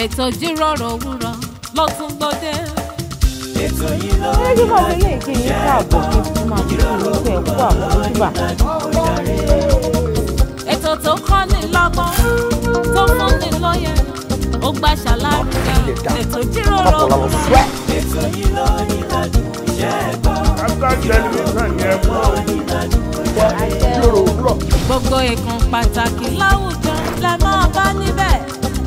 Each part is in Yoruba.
ètò jíròrò òwúrọ̀ ló tún gbòde. ètò yìí ló ń bá ilé ìpín yìí káàbọ̀ kí wọ́n máa ètò tó kọ́ ni lọ́gbọ́n tó fún ni lóye ó gbà ṣàlàyé ètò jíròrò òwúrọ̀. ètò yìí ló ní ìdájọ́ iṣẹ́ gbogbo ìkan pàtàkì láwùjọ lẹ máa bá níbẹ̀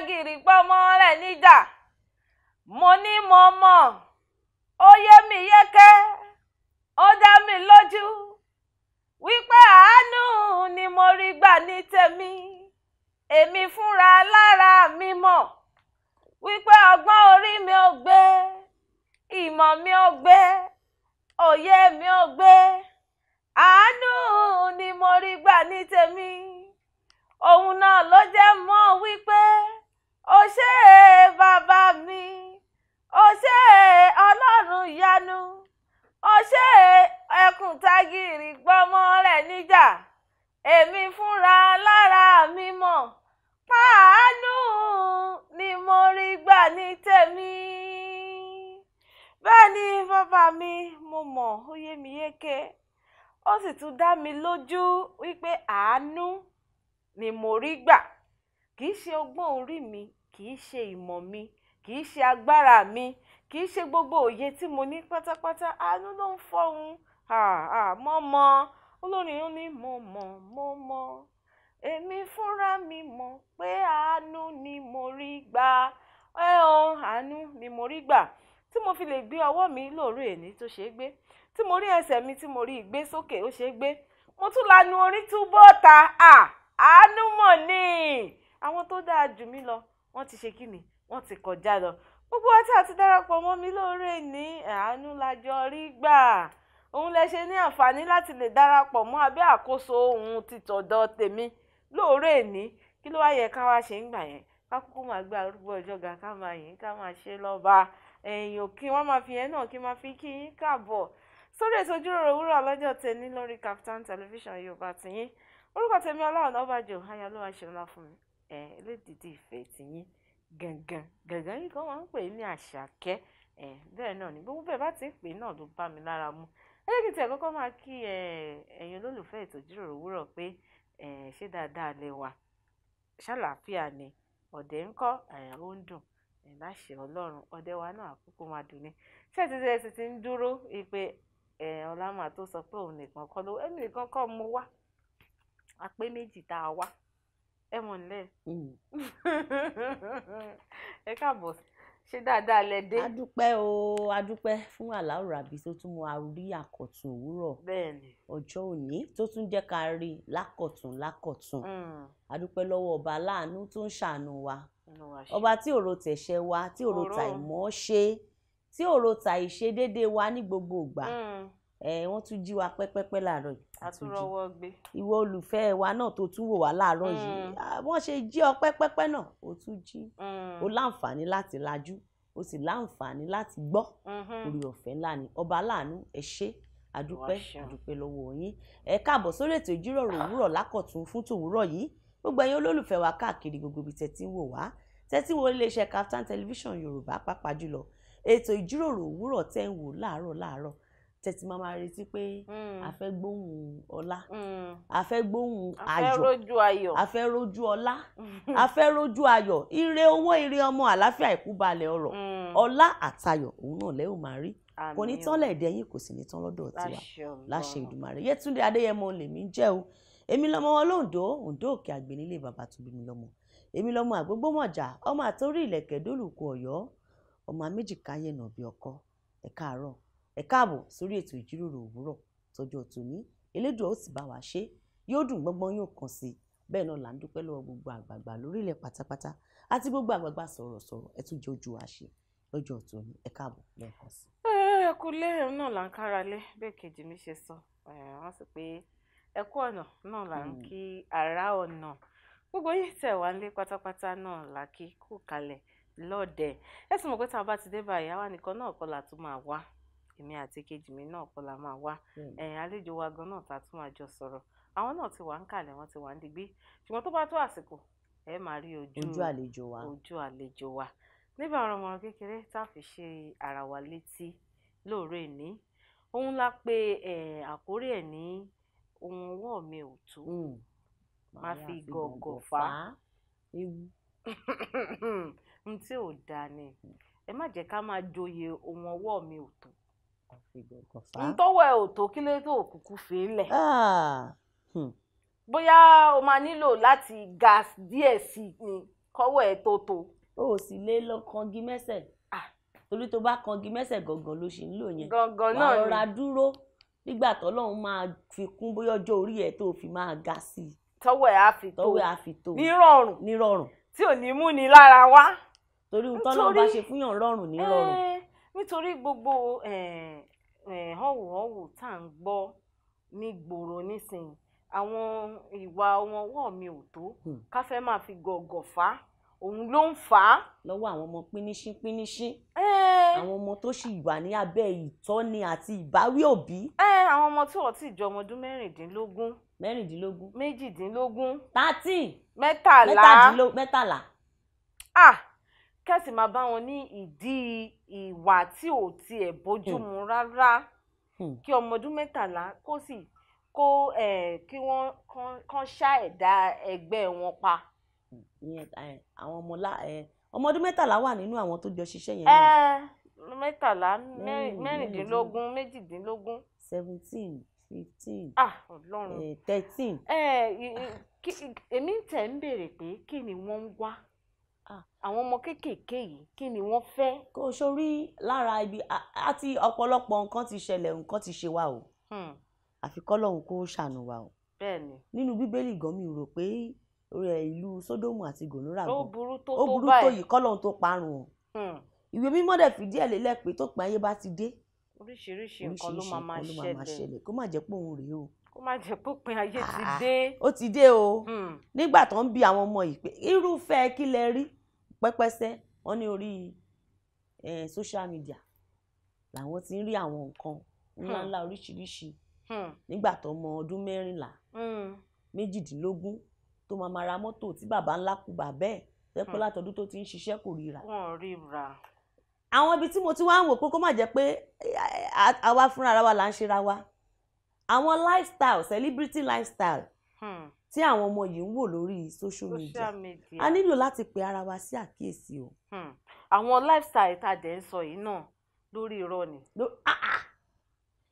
dagiri pọmọ rẹ níjà mo ní mo mọ̀ ó yé mi yéké ó dá mi lójú wípé àánú ni mo rí gbà ní tèmi èmi fúnra lára mi mọ̀ wípé ọgbọ́n orí mi ò gbé ìmọ̀ mi ò gbé òye mi ò gbé àánú ni mo rí gbà ní tèmi òun náà ló jẹ́ mọ́ wípé o ṣé bàbá mi o ṣé ọlọ́run yanu o ṣé ẹkùn tagiri gbọ́mọ rẹ̀ níjà èmi fúnra lára mi mọ̀ páàánú ni mo rí gbà ní tèmi bẹ́ẹ̀ ni bàbá mi mo mọ̀ ó yé mi yéké ó sì tún dá mi lójú wípé àánú ni mo rí gbà kì í ṣe ọgbọ́n orí mi kì í ṣe ìmọ̀ mi kì í ṣe agbára mi kì í ṣe gbogbo òye tí mo ní pátápátá àánú ló ń fọhùn mọ́ mọ́ olórin ó ní mo mọ̀ mo mọ̀ èmi fúnra mi mọ̀ pé àánú ni mo rí gbà ẹ o àánú ni mo rí gbà tí mo fi lè gbé ọwọ́ mi lóru èní tó ṣeé gbé tí mo rí ẹsẹ̀ mi tí mo rí ìgbé sókè ó ṣeé gbé mo tún lanu orí túbọ̀ ta àánú mọ̀ ni àwọn tó dáa jù mí lọ wọ́n ti ṣe kí ni wọ́n ti kọjá lọ gbogbo àti àti darapọ̀ mọ́ mi lóore ní àánú lájọ rí gbà òun lè ṣe ní àǹfààní láti lè darapọ̀ mọ́ abẹ́ àkóso ohun títọ̀dọ̀ tèmi lóore ní kí ló wá yẹ ká wá ṣe ń gbà yẹn ká kúkú máa gbé arúgbó ọjọ́ ga ká máa yìn ká máa ṣe lọ́ba ẹ̀yìn òkè wọ́n máa fi yẹn náà kí máa fi kí yín káàbọ̀ sórí ètò ìjíròrò òwúrọ̀ lọ́jọ́ tẹni lórí Kaftan television Yorùbá tiyín orúkọ tèmi Ọlá Ọ̀nàbàjọ ayálò ńlá fún mi Eh, elédìdí Ìfẹ̀tìyín gangan gangan yìí kan wọ́n ń pè ní Àṣàkẹ́ eh, bẹ́ẹ̀ náà ni gbogbo bẹ́ẹ̀ bá ti ń pè náà ló bá mi lára mu ẹlẹ́gì tí ẹ̀kọ́kọ́ máa kí eh, ẹ̀yin olólùfẹ́ ètò ìjíròrò òwúrọ̀ pé ṣé dáadáa lẹ wà ṣàlàáfíà ni ọ̀dẹ̀ ń kọ́ ń dùn láṣẹ Ọlọ́run wa náà àkókò máa dùn ni ṣé ti ṣe ti ti ń dúró pé tó sọ pé òun tá a wá ẹ mọ̀ nílẹ̀ mm. ẹ káàbọ̀ ṣe dáadáa lẹ dé. a dúpẹ́ o a dúpẹ́ fún aláwọ̀ rabi tó tún mú a rí àkọ̀tún òwúrọ̀ ọjọ́ òní tó tún jẹ́ ká rí lákọ̀tún lákọ̀tún mm. a dúpẹ́ lọ́wọ́ ọba aláàánú tó ń ṣàánú wa ọba tí òro tẹ̀ṣẹ̀ wa tí òro tàìmọ́ ṣe tí òro tàìṣedéédéé wa ní gbogbo ìgbà. Mm. Eh, wọ́n tún jí wa pẹ́pẹ́pẹ́ láàárọ̀ yìí. àtúrọ̀wọ́ gbé. ìwọ olùfẹ́ wa náà tó tún wò wá láàárọ̀ yìí mm. wọ́n ṣe jí ọ pẹ́pẹ́pẹ́ náà ó tún jí ó mm. láǹfààní láti lajú ó sì láǹfààní láti gbọ́ mm-hmm. orí ọ̀fẹ́ ńlá ni ọba láàánú ẹ ṣé àdúpẹ́ àdúpẹ́ lọ́wọ́ yín ẹ káàbọ̀ sórí ètò ìjíròrò òwúrọ̀ lákọ̀tún fún tòwúrọ̀ yìí gbogbo ẹ̀yin olólùfẹ́ wa káàkiri gbogbo ibi tẹ́tí ń wò wá tẹ́tí ń wo iléeṣẹ́ Kaftan television Yorùbá pàápàá jùlọ ètò ìjíròrò òwúrọ̀ tẹ́ ń wò láàárọ̀ láàárọ̀ tẹ̀tí máa máa retí pé hmm. a fẹ́ gbóhùn ọlá hmm. a fẹ́ gbóhùn ayọ̀ a fẹ́ rójú ọlá hmm. a fẹ́ rójú ayọ̀ ire owó ire ọmọ àlàáfíà ìkúbalẹ̀ ọrọ̀ ọlá àtayọ̀ òun náà lẹ́yìn máa rí kò ní tán lẹ́ẹ̀dẹ́ yín kò sì ní tán lọ́dọ̀ tiwa láṣẹ Èdùmàrè Yétúndé Adéyẹmọ lèmi ń jẹ́ o èmi lọmọ wọn lóńdó òǹdó òkè àgbẹ̀nílé bàbá tó bí mi lọmọ èmi lọmọ àgbógbòmọjà ọmọ àtórí ìlẹ̀kẹ̀ dólùkù Ọ̀yọ́ ọmọ méjì káyé nà bí ọkọ ẹ káàárọ̀ ẹ káàbọ̀ sórí ètò ìjíròrò òwúrọ̀ tọjọ́ tòní elédùn ó sì bá wa ṣe yóò dùn gbọ́ngbọ́n yóò kàn sí i bẹ́ẹ̀ náà là ń dúpẹ́ lọ́wọ́ gbogbo àgbààgbà lórílẹ̀ pátápátá àti gbogbo àgbààgbà sọ̀rọ̀sọ̀rọ̀ ẹ tún jẹ́ ojú wa ṣe lọ́jọ́ tòní ẹ káàbọ̀ lẹ́ẹ̀kan sí i. ẹ kú lé òun náà là ń kára lé bẹ́ẹ̀ kejì mi ṣe sọ wọ́n sì pé ẹ kú ọ̀nà náà là ń hmm. kí ara ọ̀nà gbogbo yìí tẹ̀ wá lé pátápátá náà là kí kú kalẹ̀ lọ́ọ̀dẹ̀ ẹ sì mọ̀ pé tá a bá ti dé báyìí àwa nìkan náà kọ́ la tún máa wá èmi àti kejì mi náà kọ́ la máa wá hmm. ẹ̀yìn àlejò wa gan náà ta tún máa jọ sọ̀rọ̀ àwọn náà ti wà ń kàlẹ̀ wọ́n ti wà ń digbí ṣùgbọ́n tó bá tó àsìkò ẹ máa rí ojú àlejò wa ojú àlejò wa níbẹ̀ ọ̀rọ̀ mọ̀ràn kékeré tá a fi ṣe ara wa létí lóòrè ní òun la pé àkórí ẹ̀ ní ohun ọwọ́ mi ò tó hmm. má fi gọ̀gọ̀ fà á n tí ò dáa ni ẹ má jẹ́ ká máa joyè ohun ọwọ́ mi ò tó ìgbọ̀ngàn fa. n tọ́wọ́ ẹ ò tó kí lè tó òkùnkùn fi lẹ̀. Ah, hmm. bóyá o máa nílò láti gas díẹ̀ sí i ni kọ́wọ́ ẹ tó tó. o ò sì lè lọ kangi mẹ́sẹ̀ torí tó bá kangi mẹ́sẹ̀ gangan ló ṣì ń lò yẹn wàá rọra dúró nígbà tọ́lọ́run máa fi kún bóyá ọjọ́ orí ẹ tó fi máa ga sí i. tọ́wọ́ ẹ á fi tó tọ́wọ́ ẹ á fi tó nírọ̀rùn nírọ̀rùn tí ò ní mú ni lára wá. torí ohun bá ṣe fúnyàn rọrùn nírọ̀rùn. Eh, nítorí gbogbo eh, Eh, họ́wùhọ́wù tá à ń gbọ́ nígboro nísìnyí àwọn ìwà wọn ọwọ́ mi ò tó hmm. ká fẹ́ máa fi gọ̀gọ̀ fà á òun ló ń fà á. lọ́wọ́ àwọn ọmọ píníṣín píníṣín eh. àwọn ọmọ tó sì wà ní abẹ́ ìtọ́ni àti ìbáwí òbí. Eh, àwọn ọmọ tí wọ́n ti jọ ọmọ ọdún mẹ́rìndínlógún. mẹ́rìndínlógún. méjìdínlógún. thirty. mẹ́tàlá. mẹ́tàlá. ah kẹ́sì máa bá wọn ní ìdí ìwà tí ò tiẹ̀ bójúmu hmm. rárá hmm. kí ọmọ ọdún mẹ́tàlá kó sì kó kí wọ́n kàn ṣá ẹ̀dá ẹgbẹ́ wọn pa. àwọn ọmọ ọmọ ọdún mẹ́tàlá wà nínú àwọn tó jọ ṣiṣẹ́ yẹn. mẹ́tàlá mẹ́rìndínlógún méjìdínlógún. seventeen fifteen ah, thirteen. èmi tẹ̀ ń béèrè pé kí ni wọ́n ń wá. Ah, àwọn ọmọ kéékèèké yìí kí ni wọ́n fẹ́. kò sórí lára ibi àti ọ̀pọ̀lọpọ̀ nǹkan ti ṣẹlẹ̀ nǹkan ti ṣe wa o hmm. àfi kọ́lọ́hún kó ṣàánú wa o. bẹ́ẹ̀ni. nínú bíbélì gan mi rò pé ìlú sódómù àti gòmórà gan ó burú tó yìí kọ́lọ́hún tó parun o. Hmm. ìwé mímọ́ dẹ̀ fìdí ẹ̀ lélẹ̀ pé tó pẹ́ ayé bá ti dé. oríṣiríṣi nǹkan ló máa máa ṣẹlẹ̀ kó má jẹ́ pé òun rèé o kó má jẹ́ pópin ayé ti ah, dé. ó ti dé o hmm. nígbà tó ń bi àwọn ọmọ yìí pé irúfẹ́ kí lẹ rí pẹ́pẹ́sẹ́ wọ́n ní orí eh, social media làwọn ti ń rí àwọn nǹkan hmm. ńláńlá oríṣiríṣi hmm. nígbà tó ọmọ ọdún mẹ́rìnlá hmm. méjìdínlógún tó máa ma ra mọ́tò tí bàbá ńlá kú bàbá ẹ̀ tẹ́pẹ́ látọdún tó ti ń ṣiṣẹ́ kò ríra. wọn ò ríra. àwọn ibi tí mo ti wá ń wò pé kó má jẹ́ pé eh, àwa fúnra wa là ń ṣe ra wa àwọn lifestyle celebrity lifestyle Hmm. tí àwọn ọmọ yìí ń wò lórí social media a nílò láti pe ara wa sí àkíyèsí o. Hmm. àwọn lifestyle tá a dẹ̀ ń sọ yìí náà lórí irọ́ ni. Ah, ah.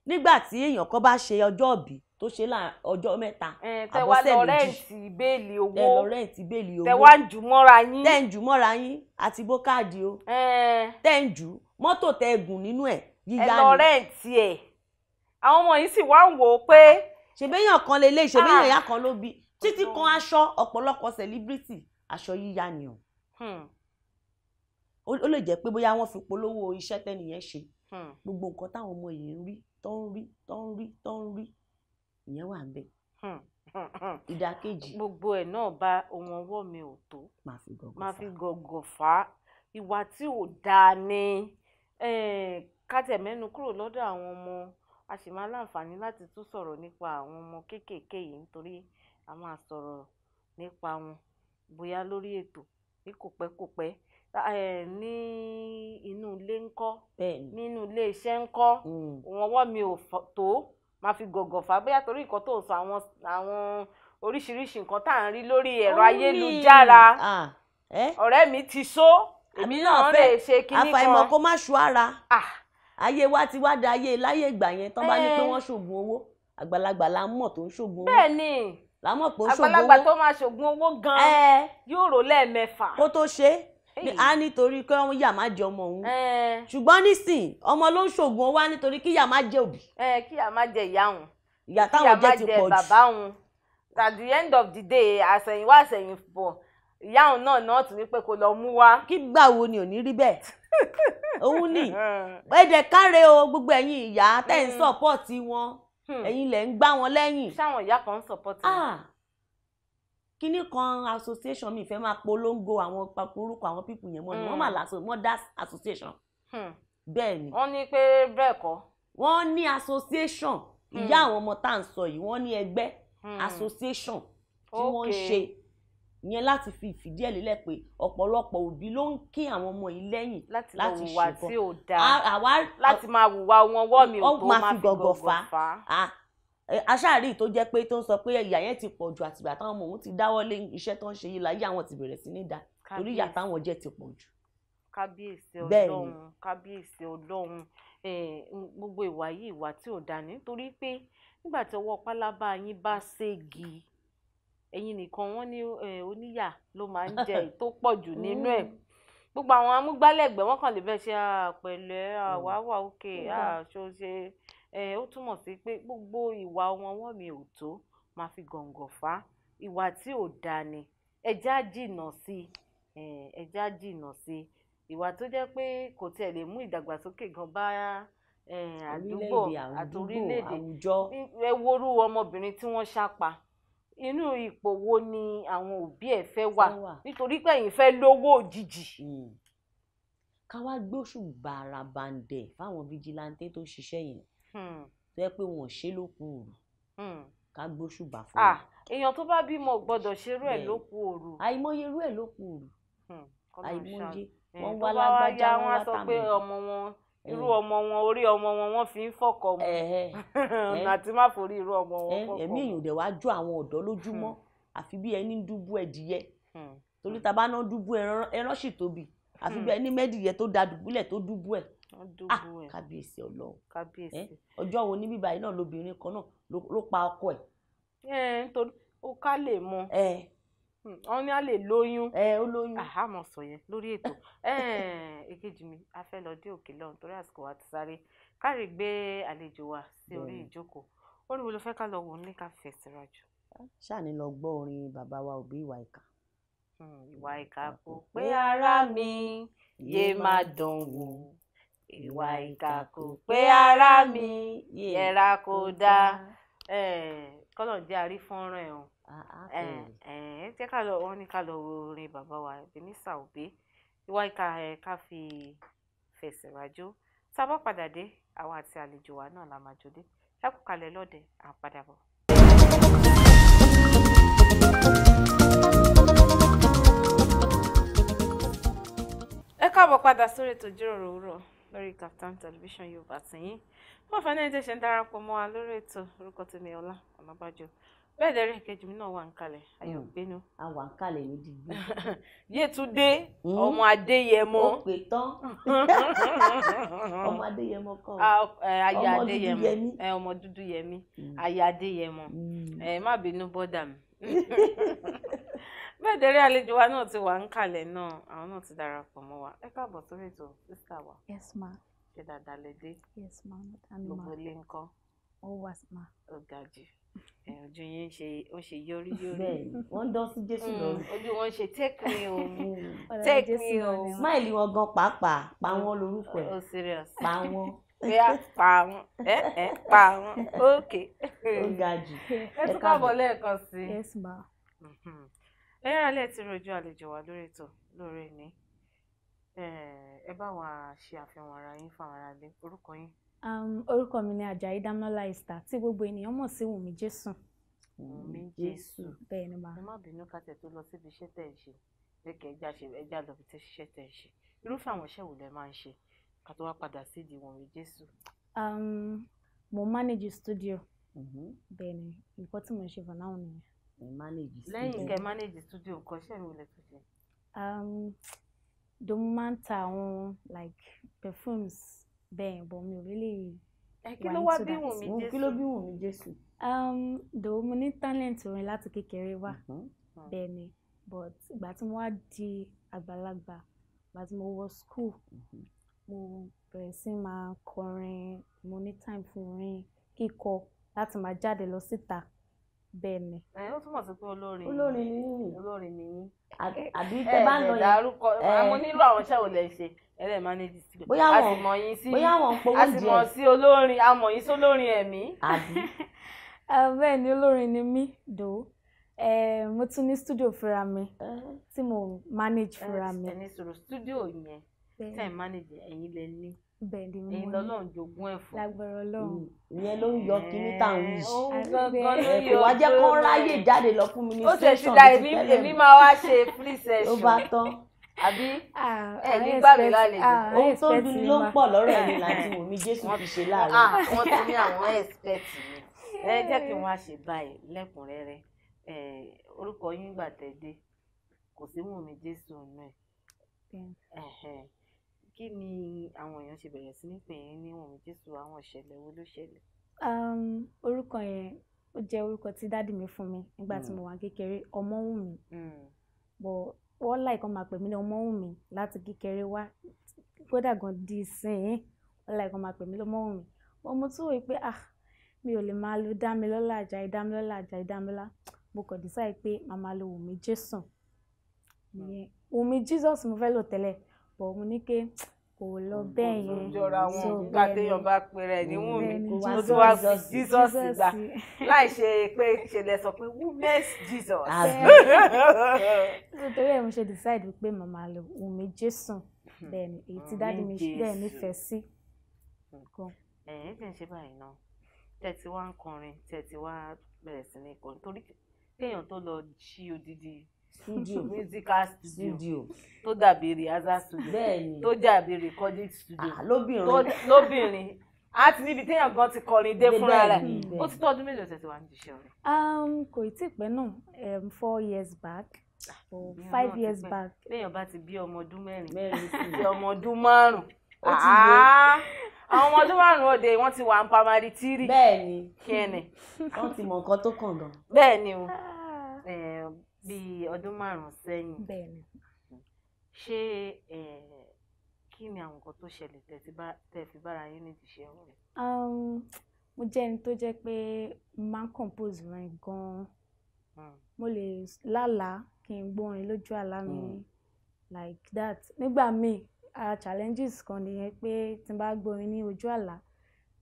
nígbà tí èèyàn kan bá ṣe ọjọ́ òbí tó ṣe là ọjọ́ mẹ́ta àbọ̀sẹ̀ méjì tẹ̀wá lọ́rẹ́ǹtì bẹ́ẹ̀lì owó ẹ̀ lọ́rẹ́ǹtì bẹ́ẹ̀lì owó tẹ̀wá ń jù mọ́ra yín tẹ̀ ń jù mọ́ra yín àti bó káàdì o tẹ̀ jù mọ́tò tẹ̀ nínú ẹ̀ yíyá ni ẹ̀ lọ́rẹ́ǹtì ẹ̀ àwọn ọmọ yìí sì wá ń wò ó pé ṣèbéyàn kan lélẹ̀ ṣèbéyàn ah. ìyá kan ló bí títí kan aṣọ ọ̀pọ̀lọpọ̀ celebrity aṣọ yíyá ni o hmm. ó lè jẹ́ pé bóyá wọ́n fi polówó iṣẹ́ tẹ́nìyẹn ṣe hmm. gbogbo nǹkan táwọn ọmọ yìí ń rí tó ń rí tó ń rí tó ń rí ìyẹn wà bẹ́ẹ̀ hmm. ìdàkejì. gbogbo ẹ̀ náà bá ohun ọwọ́ mi ò tó máa fi gọ̀gọ̀ fà á ìwà tí ò dáa ni eh, kátẹ̀ mẹ́nu kúrò lọ́dọ̀ àwọn ọmọ a sì máa láǹfààní láti tún sọ̀rọ̀ nípa àwọn ọmọ kéékèèké yìí nítorí a máa sọ̀rọ̀ nípa wọn bóyá lórí ètò ní kòpẹ́kòpẹ́ ní inú ilé ńkọ́ nínú ilé iṣẹ́ ńkọ́ òun hmm. ọwọ́ mi ò tó máa fi gọ̀gọ̀ fà bóyá torí nǹkan tó ń sọ àwọn àwọn oríṣiríṣi nǹkan tá à ń rí lórí ẹ̀rọ ayélujára ọ̀rẹ́ mi ti sọ èmi náà fẹ́ àfàìmọ̀ kó má ṣu ara. Ah, ayé wa ti wá da ayé láyé ìgbà yẹn tán bá ní pé eh. wọ́n ṣògùn owó àgbàlagbà la mọ̀ tó ń ṣògùn owó. bẹ́ẹ̀ni làmọ̀ pé ó ṣògùn owó àgbàlagbà tó máa ṣògùn owó gan-an eh. yóò rò lẹ́ẹ̀mẹ́fà. kó tó ṣe á nítorí pé wọ́n yà má jẹ ọmọ òun eh. ṣùgbọ́n nísìn ọmọ ló ń ṣògùn owó nítorí kí yà má jẹ òbí. kí yà má jẹ ìyá òun ìyà táwọn jẹ ti pọ̀ jù. at the end of the day àṣẹ̀yìnwá àṣẹ̀yìnbọ̀ ìyá òun náà náà tún ní pé kó lọ mú wá. kí gbà wo ni ò ní rí bẹ́ẹ̀ òun ni ẹ̀dẹ̀ káre o gbogbo ẹ̀yin ìyá tẹ̀ ń hmm. sọ́pọ̀tì wọn hmm. ẹ̀yin lẹ̀ ń gbá wọn lẹ́yìn. sáwọn ìyá kan ń sọ́pọ̀tì wọn. Ah! kínní kan association mi fẹ́ máa polongo àwọn orúkọ àwọn pípù yẹn mọ́ ni wọ́n mà hmm. láṣọ wọ́n dá association. Hmm. bẹ́ẹ̀ ni. wọ́n ní pé bẹ́ẹ̀ kọ́. wọ́n ní association ìyá àwọn ọmọ tá à ń sọ yìí wọ́n ní ẹgbẹ́ association tí wọ́n ń ṣe. Okay ìyẹn láti fi ìfìdí ẹ̀ lélẹ̀ pé ọ̀pọ̀lọpọ̀ òbí ló ń kí àwọn ọmọ yìí lẹ́yìn láti wùwà tí ò dáa láti máa wùwà wọn wọ́ mi ò tó máa fi gọ̀gọ̀ fà á aṣáàrí tó jẹ́ pé tó ń sọ pé ìyà yẹn ti pọ̀ ju àtìgbà táwọn ọmọ òun ti dáwọ́lé iṣẹ́ tó ń ṣe yìí láyé àwọn ti bẹ̀rẹ̀ sí ní da torí ìyà táwọn jẹ ti pọ̀ jù. kábíyèsí ọlọ́run kábíyèsí ọlọ́run gbogbo ìwà yìí ìwà tí ò dání torí pé nígbà ẹ̀yin nìkan wọ́n ní oníyà ló máa ń jẹ tó pọ̀ jù nínú ẹ̀ mm. gbogbo àwọn amúgbálẹ́gbẹ̀ẹ́ wọ́n kàn lè bẹ́ẹ̀ ṣe pẹ̀lẹ́ àwáwá òkè àṣọṣe ó túmọ̀ sí pé gbogbo ìwà wọn wọ́n mi ò tó máa fi gọ̀ǹgọ̀ fà ìwà tí ò da ni ẹja jìnà sí ẹja jìnà sí ìwà tó jẹ́ pé kò tiẹ̀ lè mú ìdàgbàsókè gan bá àdúgbò àtòrílẹ̀-èdè ẹ worú ọmọbìnrin tí wọ́n ṣá inú ipò wo ni àwọn òbí ẹ fẹ́ wà nítorí pé ẹ̀yin fẹ́ lówó òjijì. Hmm. ká wá gbóṣù bàràbàǹdẹ̀ fáwọn fíjìláńtẹ́ tó ṣiṣẹ́ yẹn hmm. tó yẹ pé wọn ò ṣe ló kù òru hmm. ká gbóṣù bà fún ah, wọn. èèyàn tó bá bímọ gbọ́dọ̀ ṣerú ẹ̀ ló kù òru. àìmọye irú ẹ̀ ló òru àìmọye wọn wá lágbájá wọn wá yá irú eh. ọmọ wọn orí ọmọ wọn wọn fi ń fọkọ ọmọ ọ̀nà eh. àti má forí irú ọmọ wọn eh, fọkọ ọmọ. ẹ̀mí èèyàn dẹ̀ wá jó àwọn ọ̀dọ́ lójúmọ́ hmm. àfi bí ẹni ń dúbú ẹ̀dìyẹ hmm. torí ta bá ná dúbú ẹran sì tóbi àfi bí hmm. ẹni mẹ́dìyẹ tó da dùbúlẹ̀ tó dúbú ẹ̀ ah, kábíyèsí ọlọ́run kábíyèsí ọjọ́ wo ní bíbá yìí náà lóbìnrin kan náà ló pa ọkọ ẹ̀. ẹ nítorí ó ká lè mọ. Hmm, wọn ní a lè lóyún ẹ ó àhámọ sọ yẹn lórí ètò èkejì mi a fẹ́ lọ dé òkè lọ́run torí àsìkò wa ti sáré káre gbé àlejò wa sí orí ìjókòó orí wo ló fẹ́ ká lọ wò ní ká fẹsẹ̀ rájò. ṣáàní lọ gbọ́ orin bàbá wa òbí hmm, ìwà ìkà. ìwà ìkà kò pé ara mi yé máa dán wò ìwà ìkà kò pé ara mi yẹra kò dáa kọ́lọ̀ jẹ́ àrífọ́nrán ẹ̀ Ah, ah, jẹ́ ká lọ wọ́n ní ká lọ wo orin bàbá wa Ebenezer Obey ìwà ìka ẹ̀ ká fi fẹsẹ̀ rájò tá a bá padà dé àwa àti àlejò wa náà la máa jọ dé ẹ kú kalẹ̀ lọ́dẹ à ń padà bọ̀. ẹ káàbọ̀ padà sórí ètò ìjíròrò òwúrọ̀ lórí Kaftan television yorùbá tìyín fún àǹfààní ẹ̀jẹ̀ ṣe ń darapọ̀ mọ́ wa lórí ètò orúkọ tèmi ọlá ọ̀nàbàjọ́ bẹ́ẹ̀ lẹ́rìí mi náà wà ńkàlẹ̀ hmm. a wà ní yétúndé hmm. ọmọ adéyẹmọ. ó pè tán ọmọ adéyẹmọ kọ. aya ọmọ dúdú wa náà ti wà náà àwọn náà ti darapọ̀ mọ́ wa ẹ káàbọ̀ sórí ètò sísá ma. lè ojú yín ṣe ó ṣe yọrí yọrí. bẹ́ẹ̀ wọn dán sí jésù mm, lórí. ojú wọn ṣe take me o take me o. máìlì wọn gan pàápàá pa wọn lórúkọ ẹ oh, pa wọn. bóyá pa wọn ẹ ẹ pa wọn ok. ó ga jù. ẹ tún káàbọ̀ lẹ́ẹ̀kan sí i. yes ma. Mhm. ẹyára lẹ́ẹ̀ tí rojú àlejò wa lórí ètò lórí ni ẹ bá wa ṣe àfihàn ara yín fún ara lé orúkọ yín Um, orúkọ mi ni Ajayi Damlola Esther tí gbogbo ènìyàn mọ̀ sí Wùnmí Jésù. Wùnmí Jésù bẹ́ẹ̀ ni màá. ẹ má bínú ká tẹ̀ tó lọ síbi iṣẹ́ tẹ̀ ń ṣe pé kẹ́ ẹja ṣe ẹja lọ fi ṣiṣẹ́ tẹ̀ ń ṣe irúfẹ́ àwọn iṣẹ́ wo lẹ máa ń ṣe ká tó wá padà sídìí Wùnmí Jésù. mo manage studio mm-hmm. bẹ́ẹ̀ ni nǹkan tí mo ń ṣe for now nìyẹn. lẹ́yìn kẹ́ manage studio nǹkan ṣẹ́ mi ò lè tún ṣe. mo máa ń ta àwọn like perfumes bẹ́ẹ̀ bọ̀ mi ò rí lè wà ní sódà kí ló bí wùn mí jésù. dòwó um, mo ní talent orin láti kékeré wá mm-hmm. hmm. bẹ́ẹ̀ ni but ìgbà tí mo wá di àgbàlagbà ìgbà tí mo wọ school mm-hmm. mo bẹ̀rẹ̀ sí máa kọrin mo ní time fún orin kíkọ láti máa jáde lọ síta bẹ́ẹ̀ ni. ẹ ó túmọ̀ sí pé olórin olórin ni yín olórin ni àbí tẹ bá ń lọ yẹn ẹ ẹ dárúkọ àwọn onílù àwọn iṣẹ́ ò lè ṣe ẹlẹ́ manage sí bóyá wọn àmọ̀ yín sí bóyá wọn pọ̀ wọ́n jẹ́ àmọ̀ sí olórin àmọ̀ yín sí olórin ẹ̀mí. bẹ́ẹ̀ ni olórin ni mí dò mo tún ní studio fúnra mi uh-huh. tí mo manage fúnra mi. ẹni sọ̀rọ̀ studio yẹn tẹ̀ manage ẹ̀yin lẹ ní bẹ́ẹ̀ni mo ní ẹ̀yin lọ́lọ́run jogún ẹ̀fọ́ lágbára Ọlọ́run. Mm, ìyẹn ló ń yọ kíní táwọn yìí ẹ̀kọ́ wa jẹ́ kó ráyè jáde lọ fún mi ní station ti tẹ́lẹ̀ mi. ó ṣe ṣùgbọ́n èmi máa wá ṣe free session. ó bá tán àbí ah, ẹ ní gbà mí lálejò. Ah, ohun tó dùn ló ń pọ̀ lọ́rọ̀ ẹ̀mí láti wò mí jésù fi ṣe ah, láàárọ̀. wọ́n ti ní àwọn ẹ̀sìpẹ̀tì mi ẹ jẹ́ kí n wá ṣe báyìí lẹ́kùnrẹ́rẹ́ orúkọ yín gbà tẹ́ dé kò sí wù mí jésù náà kí ni àwọn èèyàn ṣe bẹ̀rẹ̀ sí ní pè é ní wù mí jésù àwọn ìṣẹ̀lẹ̀ wo ló ṣẹlẹ̀. Um, orúkọ yẹn ó jẹ́ orúkọ tí dádì mi fún mi nígbà tí hmm. mo wà kékeré ọmọ wù mí hmm. but wọ́n láì kọ́ máa pè mí ní Ọmọ́wùnmí láti kékeré wá kódà gan di ìsìn wọ́n láì kọ́ máa pè mí ní Ọmọ́wùnmí wọ́n mo tún wòye pé ah mi ò lè máa lo Dámilọ́lá Àjàyí Dámilọ́lá Àjàyí Dámilọ́lá mo kàn dísáì pé màá máa lo Wùmí Jason Wùmí Jesus mo fẹ́ lò tẹ́lẹ̀ bọ̀ mo ní pé kò lọ bẹ́ẹ̀ yẹn so bẹ́ẹ̀ ni nígbà téèyàn bá pèrè ní Wùmí ó tún wá fi Jesus gbà láì ṣe pé ṣẹlẹ̀ sọ pé women's Jesus. nítorí ẹ̀ mo ṣe decide wípé màmá lò Wùmí Jésù bẹ́ẹ̀ ni èyí tí dáàdi mi bẹ́ẹ̀ nífẹ̀ẹ́ sí. ẹ̀yin tí ń ṣe báyìí náà tẹ̀tí wá ń kọrin tẹ̀tí wá bẹ̀rẹ̀ sí ní kọrin torí kéèyàn tó lọ ṣí odidi studio musical studio tó dàbí rehearsal studio bẹ́ẹ̀ni tó dàbí recording studio Ah, lóbìnrin lóbìnrin a ti níbi téèyàn gan ti kọrin dé fúnra rẹ̀ ó ti tó ọdún mélòó ṣe ti wà níbi iṣẹ́ rẹ̀. Um, kò tí ì pẹ́ náà um, four years back ah, five years back. téèyàn bá ti bí ọmọ ọdún mẹ́rin mẹ́rin sí ọmọ ọdún márùn-ún ó ti yé ah, àwọn ọmọ ọdún márùn-ún òde wọ́n ti wà ń pamari tírì. bẹ́ẹ̀ni kí ẹnì. wọ́n ti mọ nǹkan tó kàn gan. bẹ́ẹ̀ni o ah. eh, bíi ọdún márùn-ún sẹ́yìn. bẹ́ẹ̀ni. ṣé kí ni àwọn nǹkan tó ṣẹlẹ̀ tẹ́ fi bára yín nídìí iṣẹ́ rẹ̀. Um, mo jẹ́ ẹni tó jẹ́ pé máa ń compose rẹ̀ gan-an hmm. mo lè lálàá kí n gbórin lójú àlá mi hmm. like that nígbà míì ara challenges kan nìyẹn pé tí n bá gbórin ní ojú àlá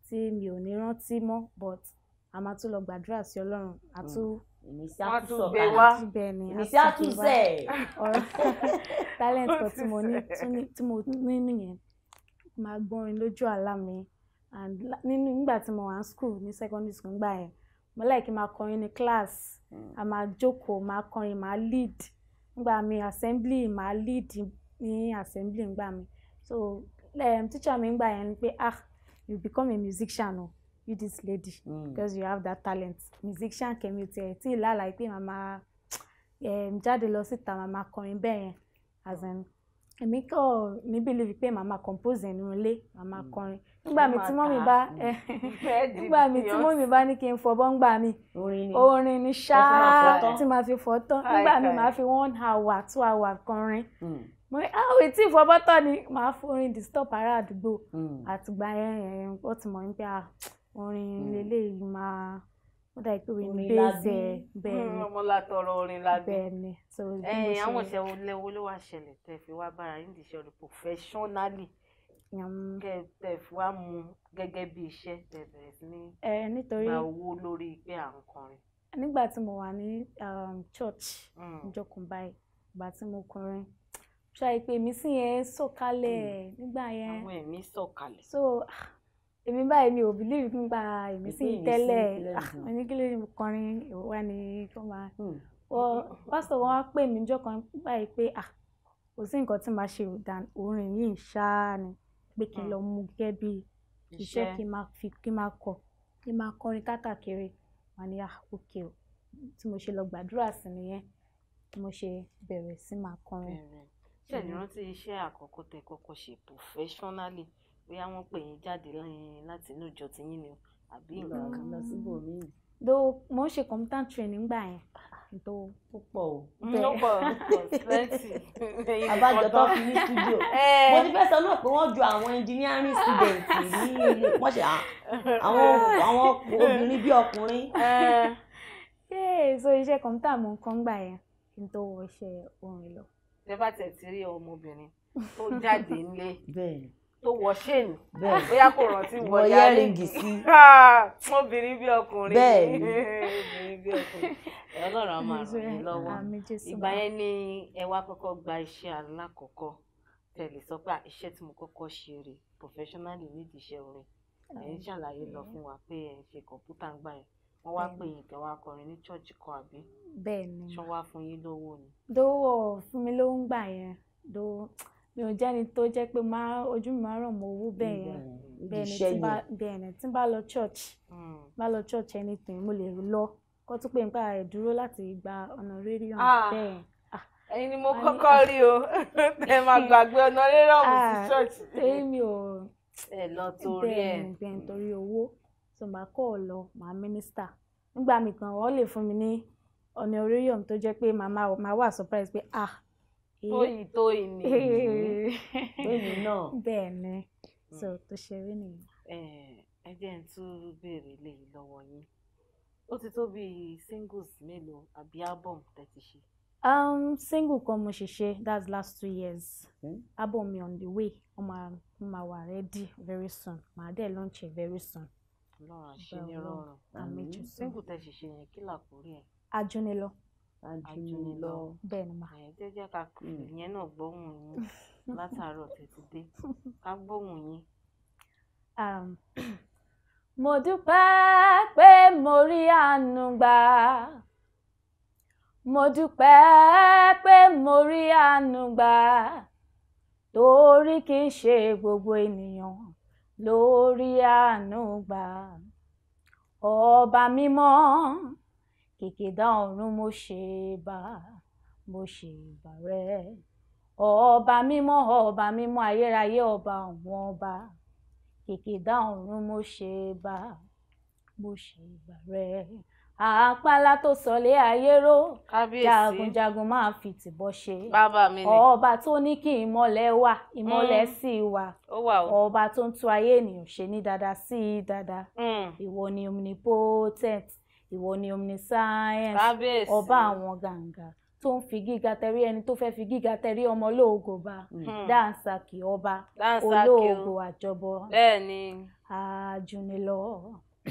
tí mi ò ní rántí mọ́ but a máa tún lọ gbàdúrà sí ọlọ́run a tún. Hmm ìmísí àtúnṣe ìmísí àtúnṣe. ọ̀rọ̀ talent kan tí mo ní tí mo ní nìyẹn máa gbọ́rin lójú àlá mi and nínú nígbà tí mo wà ní school ní secondary school nígbà yẹn mo láìkí máa kọrin ní class hmm. a máa jókòó máa kọrin máa lead nígbà mi assembly máa lead ní assembly nígbà mi so um, teacher mi nígbà yẹn ni pé ah you become a musician o. No? you this lady mm. because you have that talent musician kẹmi tiẹ tí ìlàlà yìí pé màmá um, jáde lọ síta màmá kọrin bẹ́ẹ̀ yẹn as in èmi kọ́ mi believe pé màmá compose ẹnu ilé màmá hmm. kọrin nígbà mi tí mọ́mi bá hmm. eh, nígbà mi tí mọ́mi bá ní kí n fọbọ́ ńgbà mi orin ni ṣáá tí màá fi fọ́ tán nígbà mi màá fi one hour two hour kọrin hmm. mo ní ah wait tí ìfọbọ́ tán ni màá forin disturb ará àdúgbò àtìgbà yẹn yẹn wọ́n ti mọ̀ ní pé ah orin hmm. leléyìí máa ó dà pé orin bẹ́ẹ̀sì bẹ́ẹ̀ ni ọmọ látọrọ orin lábẹ́ bẹ́ẹ̀ ni so bí mo ṣe ẹ̀yìn àwọn ìṣẹ̀wò lẹ́wọ́ ló wà ṣẹlẹ̀ tẹ́ fi wá bára yín di iṣẹ́ rẹ̀ professionally kẹ́ tẹ́ fi wá mu gẹ́gẹ́ bí iṣẹ́ tẹ́ bẹ̀rẹ̀ sí ní máa wó lórí pé à ń kọrin. nígbà tí mo wà ní um, church ìjọkùn hmm. báyìí ìgbà tí mo kọrin ṣáà pé èmi sì yẹn sọ̀kalẹ̀ hmm. nígbà yẹn àwọn ẹ̀mí sọ̀kalẹ̀ so ah, èmi báyìí mi ò believe nípa èmi sí tẹ́lẹ̀ ah, àwọn ní kí ló ní mo kọrin ìwà ni tó máa hmm. pásítọ̀ wọn wá pè mí níjọ́ kan báyìí pé ah, kò sí nǹkan tí màá ṣe orin yìí ṣáá ni pé kí n lọ hmm. mú gẹ́gẹ́ bí iṣẹ́ kí n máa kọ kí n máa kọrin káàkiri wọn ni òkè ah, o tí mo ṣe lọ gbàdúrà sí nìyẹn tí mo ṣe bẹ̀rẹ̀ sí máa kọrin. ṣé ìrántí hmm. iṣẹ́ àkọ́kọ́ tẹ kọ́kọ́ ṣe professionally bóyá wọ́n pè yín jáde láti inú ìjọ tí yín ni àbí nǹkan kan. lọ síbò míì. do mo ń ṣe computer training gbà yẹn tó púpọ̀ o. ló pọ̀ o twenty. àbájọ tó fi ní studio. Eh. mo ti fẹ́ sọ náà pé wọ́n ju àwọn engineering student ní ilé wọ́n ṣe ah, àwọn àwọn obìnrin bí ọkùnrin. Eh. so iṣẹ́ kọ̀m̀pútà mo ń kọ́ ń gbà yẹn kí n tó wọ iṣẹ́ orin lọ. ṣé bá tẹ̀ sí rí ọmọbìnrin tó jáde nílé. bẹ́ẹ̀ tó wọ ṣéènì bóyá kò rántí wọ yẹ́rìngì sí obìnrin bí ọkùnrin bẹ́ẹ̀ ni obìnrin bí ọkùnrin ọlọ́run á máa ràn yín lọ́wọ́ ìgbà yẹn ni ẹ wá kọ́kọ́ gba iṣẹ́ alákọ̀ọ́kọ́ tẹ̀lé sọ pé iṣẹ́ tí mo kọ́kọ́ ṣe rè professionally nídìí iṣẹ́ orin ẹ̀yin ṣàlàyé lọ fún wa pé ẹ̀ ń ṣe kọ̀ǹpútà ń gbà yẹn wọ́n wá pè yín kẹwàá kọrin ní ṣọ́ọ̀ṣì kan àbí. bẹ́ẹ̀ ni ṣọ́ wá fún yín lówó ni. dówó fún mi ló ń gbà yẹn dówó mi ò jẹ́ni tó jẹ́ pé ojú mi máa ràn mọ́ owó bẹ́ẹ̀ yẹn bẹ́ẹ̀ ni tí n bá lọ church hmm. bá lọ church anything mo lè lọ kó tún pé nípa rẹ̀ dúró láti gba ọ̀nà rírì ọ̀hún bẹ́ẹ̀ ah. ẹ̀yin ni mo kọ́kọ́ rí o ẹ máa gbàgbé ọ̀nà rírì ọ̀hún sí ah, church. èmi ò ẹ lọ torí ẹ bẹ́ẹ̀ nítorí hmm. owó tó máa kọ́ ọ lọ máa mínísítà nígbà mi kan ọ lè fún mi ní ọ̀nà orí yọ̀m tó jẹ́ pé màá wà surprise pé ah tóyìn tóyìn ni tóyìn náà bẹ́ẹ̀ so tó ṣe rí nìyẹn. ẹ jẹ́ n tún béèrè léyìí lọ́wọ́ yín ó ti tó bíi singles mélòó àbí album tẹ́ ṣe. um single kan mo ṣe ṣe that's last two years hmm? album mi on the way ó máa ó máa wà ready very soon màá dẹ̀ launch very soon. ọlọ́run àṣírí rọrùn àmì hmm? single tẹ́ ṣe ṣe yẹn kí làkúrẹ́ ẹ̀. àjọni àjùnilọ bẹ́ẹ̀ni ma ẹ jẹ́ jẹ́ ká hmm. ìyẹn náà gbóhùn yín látàárọ̀ tètè dé ká gbóhùn yín. mo dúpẹ́ pé mo rí àánú gbà mo dúpẹ́ pé mo rí àánú gbà torí kì í ṣe gbogbo ènìyàn ló àánú gbà ọba mímọ́ kìkìdá ọ̀run mo ṣèbà mo ṣèbà rẹ ọba mímọ́ ọba mímọ́ ayérayé ọba àwọn ọba kìkìdá ọ̀run mo ṣèbà mo ṣèbà rẹ àpàlà tó sọlé ayé ró jagunjagun máa fi tìbọ̀ ṣe ọba tó ní kí ìmọ́lẹ̀ wà ìmọ́lẹ̀ mm. sì wà ọba tó ń tún ayé ènìyàn ṣe ní dáadáa sí dáadáa mm. ìwọ ni omnipotent ìwọ ni omniscience ọba àwọn gàǹgà tó ń fi gíga tẹrí ẹni tó fẹ́ẹ́ fi gíga tẹrí ọmọ olóògo bá Dàńsàkì ọba hmm. hmm. olóògo àjọbọ àjùnilọ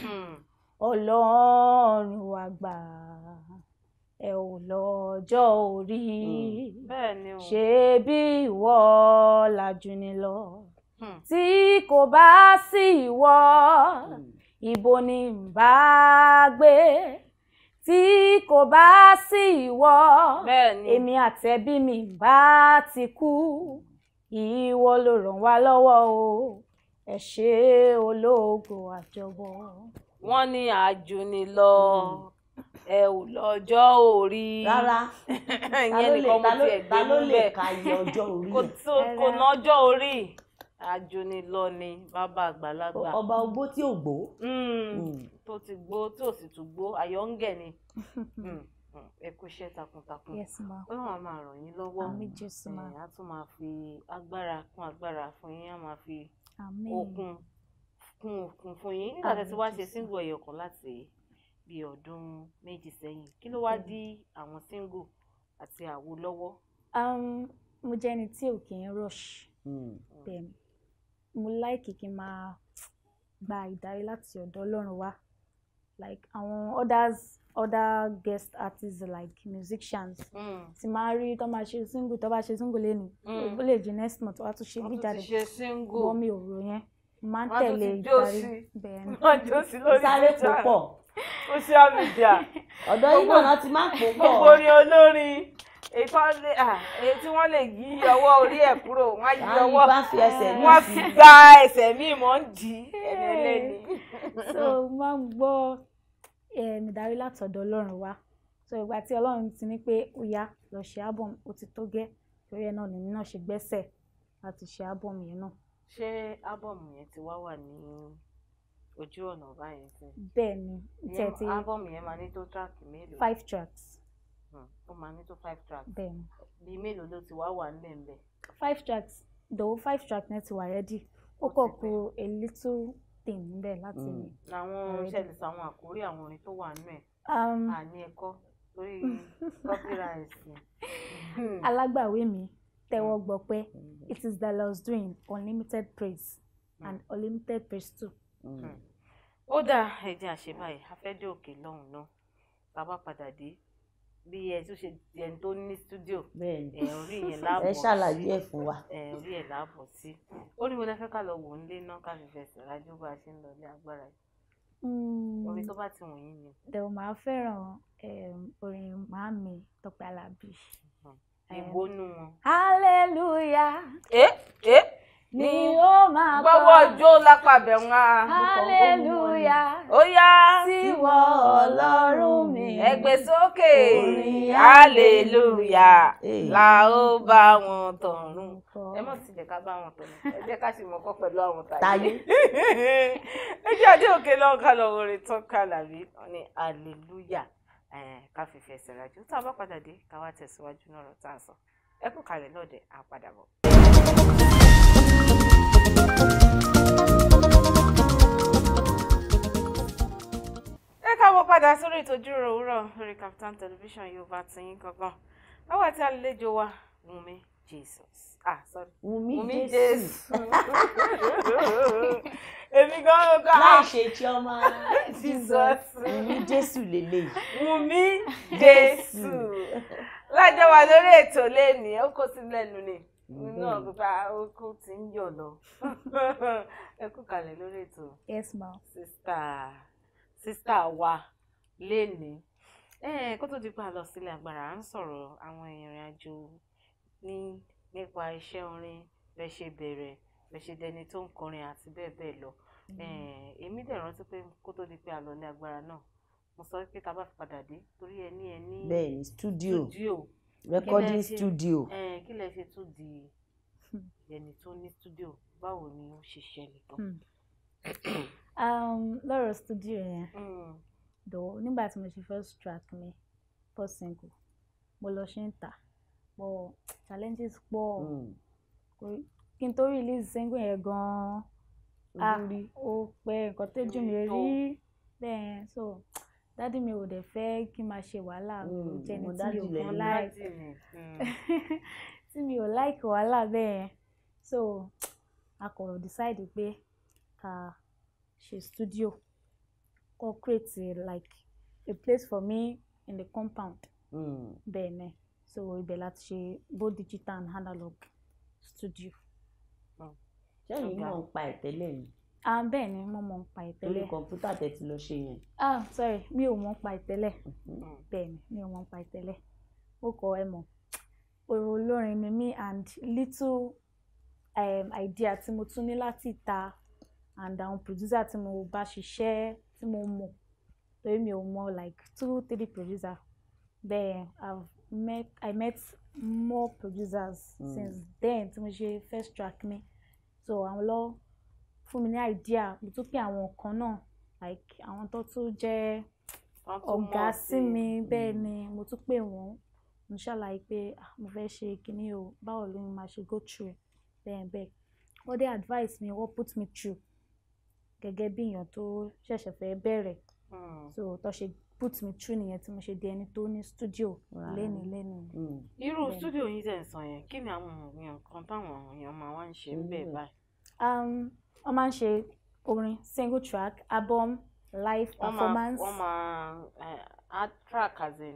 hmm. ọlọ́run àgbà ẹ ò lọ́jọ́ orí ṣé bí ìwọ làjùnilọ tí kò bá sí ìwọ. Hmm ibo ni n bá gbé tí kò bá sí ìwọ èmi àtẹ̀bí mi n bá ti kú ìwọ ló ràn wá lọ́wọ́ o ẹ ṣe ológo àjọwọ́. wọ́n ní àjùní lọ hmm. ẹ ò lọ́jọ́ orí rárá ìyẹn nìkan mo tiẹ̀ gbé níbẹ̀ kò nájọ́ orí ajónilọ́ni bàbá àgbàlagbà. ọba ogbó tí ò gbó. Hmm, hmm. tó ti gbó tí ò sì tún gbó àyọ̀ǹgẹ̀ ni hmm, ẹ kú iṣẹ́ takuntakun ọlọ́run á máa ràn yín lọ́wọ́ á eh, tún máa fi agbára kún agbára fún yín á máa fi okun kún okun fún yín nígbà tí wàá ṣe single ẹyọ kan láti bí ọdún méjì sẹ́yìn kí ló wá dí àwọn single àti àwo lọ́wọ́. Um, mo jẹ́ ẹni tí ò kì í rush bẹ́ẹ̀ ni mo like kí n máa gba ìdarí láti ọ̀dọ̀ Ọlọ́run wá like àwọn others other guest artists like musicians hmm. ti máa rí tó máa ṣe single tó bá ṣe single lẹ́nu hmm. ó lè di next month wá tún ṣe bí jáde bọ́ mi ò rò yẹn máa ń tẹ̀lé ìdarí bẹ́ẹ̀ ni sáré tó pọ̀ social media ọ̀dọ́ yìí náà ti máa pò pọ̀ gbogbo orin olórin èyí tí wọ́n lè yí ọwọ́ orí ẹ̀ kúrò wọ́n yí ọwọ́ wọ́n fi gba ẹsẹ̀ míì mọ́ ń dì í ẹni ẹlẹ́ni. so máa ń gbọ́ ìdarí látọ̀dọ̀ ọlọ́run wa so ìgbà tí ọlọ́run ti ní pé ó yá lọ ṣe album ó ti tó gẹ́ torí ẹ̀ náà lèmi náà ṣe gbẹ́sẹ̀ láti ṣe album yẹn náà. ṣé album yẹn ti wá wà ní ojú ọ̀nà báyìí sí. bẹ́ẹ̀ ni. album yẹn máa ní tó track mélòó. five tracks. Hmm. ó máa ní tó five tracks bẹ́ẹ̀ni bíi mélòó ló ti wá wà nílẹ̀ ńbẹ̀. five tracks dòwó five tracks náà ti wà rẹ́dì ó kọ̀ kù a little thing níbẹ̀ láti hmm. ní. làwọn ṣẹlẹ̀ sàwọn àkórí àwọn orin tó wà nínú ẹ̀ um, àní ẹ̀kọ́ torí copyright. Hmm. alágbàwé mi tẹ́wọ́ gbọpẹ́ it is the lord's doing unlimited praise and unlimited praise too. ó dáa ẹ jẹ́ àṣẹ báyìí a fẹ́ dé òkè lọ́hùn-ún náà bàbá padà dé bí ẹ tó ṣe di ẹni tó ní studio ẹ orí yẹn láàbọ̀ ẹ ṣàlàyé ẹ fún wa ẹ orí yẹn láàbọ̀ sí orí wo lẹ fẹ́ ká lọ wò ń lé náà ká fi fẹsẹ̀ rájú bá a ṣe ń lọ ní agbára yìí hmm. orin tó bá ti wù yín ni. dẹ̀wọ̀ máa fẹ́ràn orin màámi Tọ́pẹ́ Alábí. ìgbónú wọn. hallelujah. Eh, eh ni ó máa bá gbọ́wọ́ jó lápàbẹ̀ wọn a. hallelujah ó yá síwọ ọlọ́run mi. ẹgbẹ́ sókè hallelujah la ó bá wọn tọ̀run. ẹ mọ̀ sí jẹ́ ká bá wọn tọ̀run ẹ jẹ́ ká sì mọ̀kọ́ pẹ̀lú àwọn tàyè. ẹ jẹ́ àdé òkè lọ́wọ́ ká lọ́wọ́ rẹ̀ tán ká làbí ní hallelujah ká fífi ẹsẹ̀ rájú tá a bá padà dé ká tẹ̀síwájú náà lọ́tà sọ ẹ kú kalẹ̀ lọ́dẹ̀ àpadàbọ̀ ẹ káàbọ̀ padà sórí ètò ìjíròrò òwúrọ̀ lórí Captain television yorùbá tiyín gangan báwa tí àlejò wa Wùmí Jesus ah sorry Wùmí Jesus èmi gan gan láì ṣe tí ọmọ Jesus Wùmí Jesus. lélẹ́yìí Wùmí Jésù lájọ wà lórí ètò lẹ́nìí ó kó sí lẹ́nu ni náà gbogbo okú ti ń yọ̀ lọ ẹ kú kalẹ̀ lórí ètò yes ma sista sista wa lénìí kó tó di pa lọ sílẹ̀ agbára à ń sọ̀rọ̀ àwọn ìrìn àjò ní nípa iṣẹ́ orin bẹ́ ṣe bẹ̀rẹ̀ bẹ́ ṣe dẹni tó ń kọrin àti bẹ́ẹ̀ bẹ́ẹ̀ lọ mm-hmm. èmi dẹ̀ rántí pé kó tó di pé àlọ́ ní agbára náà mo sọ pé tá a bá fi padà dé torí ẹ ní ẹ ní bẹ́ẹ̀ ni studio studio recording studio. ẹ kí lẹ ṣe tún di hmm. ẹni tó ní studio báwo ni ó ṣe ṣẹlẹ̀ gan. Hmm. Um, lọ́rọ̀ studio yẹn dọ̀wọ́ hmm. nígbà tí mo ṣe first track mi first single mo lọ ṣe ń tà pọ̀ challenges pọ̀ kí n tó release single yẹn gan-an ah, ó pẹ́ nǹkan tó jù mí rí bẹ́ẹ̀ so dádì mi ò dẹ̀ fẹ́ kí n máa ṣe wàhálà kò hmm, jẹ́ni hmm. tí mi ò kàn láìkì mi ò láìkì wàhálà bẹ́ẹ̀ so a kò decide pé ká ṣe studio kó create like a place for me in the compound mm. bẹ́ẹ̀ so ibẹ̀ láti ṣe both digital and analog studio. ṣé ìyẹn náà ń pa ẹ̀ yìí ah bẹ́ẹ̀ ni mo mọ̀ ń pa ìtẹ́lẹ̀. lórí kọ̀ǹpútà tẹ ti lọ ṣe yẹn. ah sorry mi ò mọ̀ ń pa ìtẹ́lẹ̀ mm-hmm. bẹ́ẹ̀ ni mi ò mọ̀ ń pa ìtẹ́lẹ̀ mo kọ ẹ mọ̀ òrò olórin ni mí and little um, idea tí mo tún ní láti ta and àwọn producer tí mo bá ṣiṣẹ́ tí mo mọ̀ torí mi ò mọ̀ like two three producer bẹ́ẹ̀ I've met I met more producers mm. since then tí mo ṣe first track mi so àwọn lọ́wọ́ fún mi ní idea mo tún pè àwọn kan náà like àwọn tó tún jẹ́ ọ̀gá sí mi hmm. bẹ́ẹ̀ ni mo tún pè wọ́n mo ṣàlàyé pé ah, mo fẹ́ ṣe kinní o báwo ló ń máa ṣe go through bẹ́ẹ̀ bẹ́ẹ̀ wọ́n dé advice mi wọ́n put me through gẹ́gẹ́ bí èèyàn tó ṣẹ̀ṣẹ̀ fẹ́ bẹ̀rẹ̀ hmm. so tó ṣe put me through nìyẹn tí mo ṣe di ẹni tó ní studio lẹ́nu lẹ́nu. Hmm. irú studio yìí tẹ̀ ń sọ yẹn kí ni àwọn èèyàn kan táwọn èèyàn máa wá ń ṣe ń bẹ̀ báyìí. Um, wọ́n máa ń ṣe orin single track album live performance. wọ́n máa á eh, track as in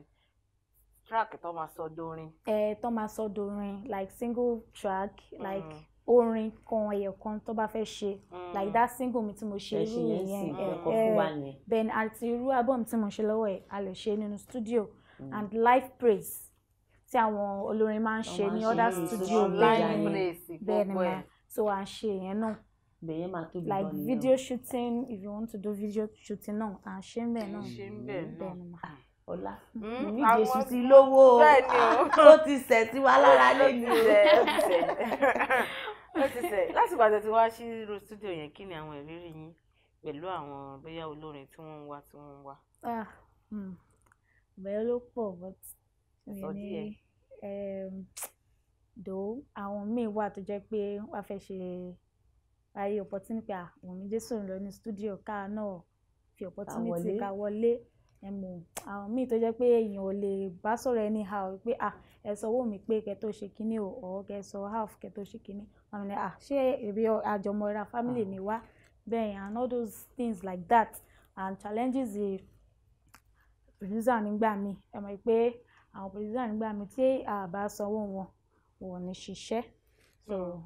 track tó máa sọ dorin. ẹ tó máa sọ dorin like single track mm. like orin kan ẹyọ kan tó bá fẹ́ ṣe mm. like that single mi tí mo ṣe irú yẹn ẹ ben mm. eh, àti irú album tí mo ṣe lọ́wọ́ ẹ̀ a lè ṣe nínú studio and live praise tí àwọn olórin máa ń ṣe ní other studio bẹ́ẹ̀ ni ma so à ń ṣe yẹn náà bẹ̀yẹn máa tóbi gan like video shooting if you want to do video shooting náà à ń ṣe ń bẹ̀ náà. ṣe ń bẹ̀ náà ah, ọlá nídìí èṣù ti lówó ah, ó ti sẹ̀ sí wa lára lónìí rẹ̀ ó ti sẹ̀ láti ìgbà tó ti wá sí irú studio yẹn kí ni àwọn ìrírí yín pẹ̀lú àwọn bóyá olórin tí wọ́n ń wá tí wọ́n ń wá. Ah, hmm. bẹ́ẹ̀ ló pọ̀ but mi ni do ehm, àwọn míì wà tó jẹ́ pé wọ́n fẹ́ ṣe ráyè opportunity pé àwọn méjèèjì ń lọ ní studio ká náà fi opportunity ká wọlé ẹ mọ àwọn míì tó jẹ́ pé èèyàn ò lè bá sọ̀rọ̀ anyhow pé ah ẹ sọ owó mi pé kẹ́ ṣe kinní o ọ kẹ́ sọ half kẹ́ tó ṣe kinní àwọn ni ah ṣé èrè àjọmọ̀ra family ah. ni wá bẹ́ẹ̀ and all those things like that and challenges the producer nígbà míì ẹ mọ̀ pé àwọn producer nígbà míì tí a bá sanwó wọn wọn ní ṣiṣẹ́ so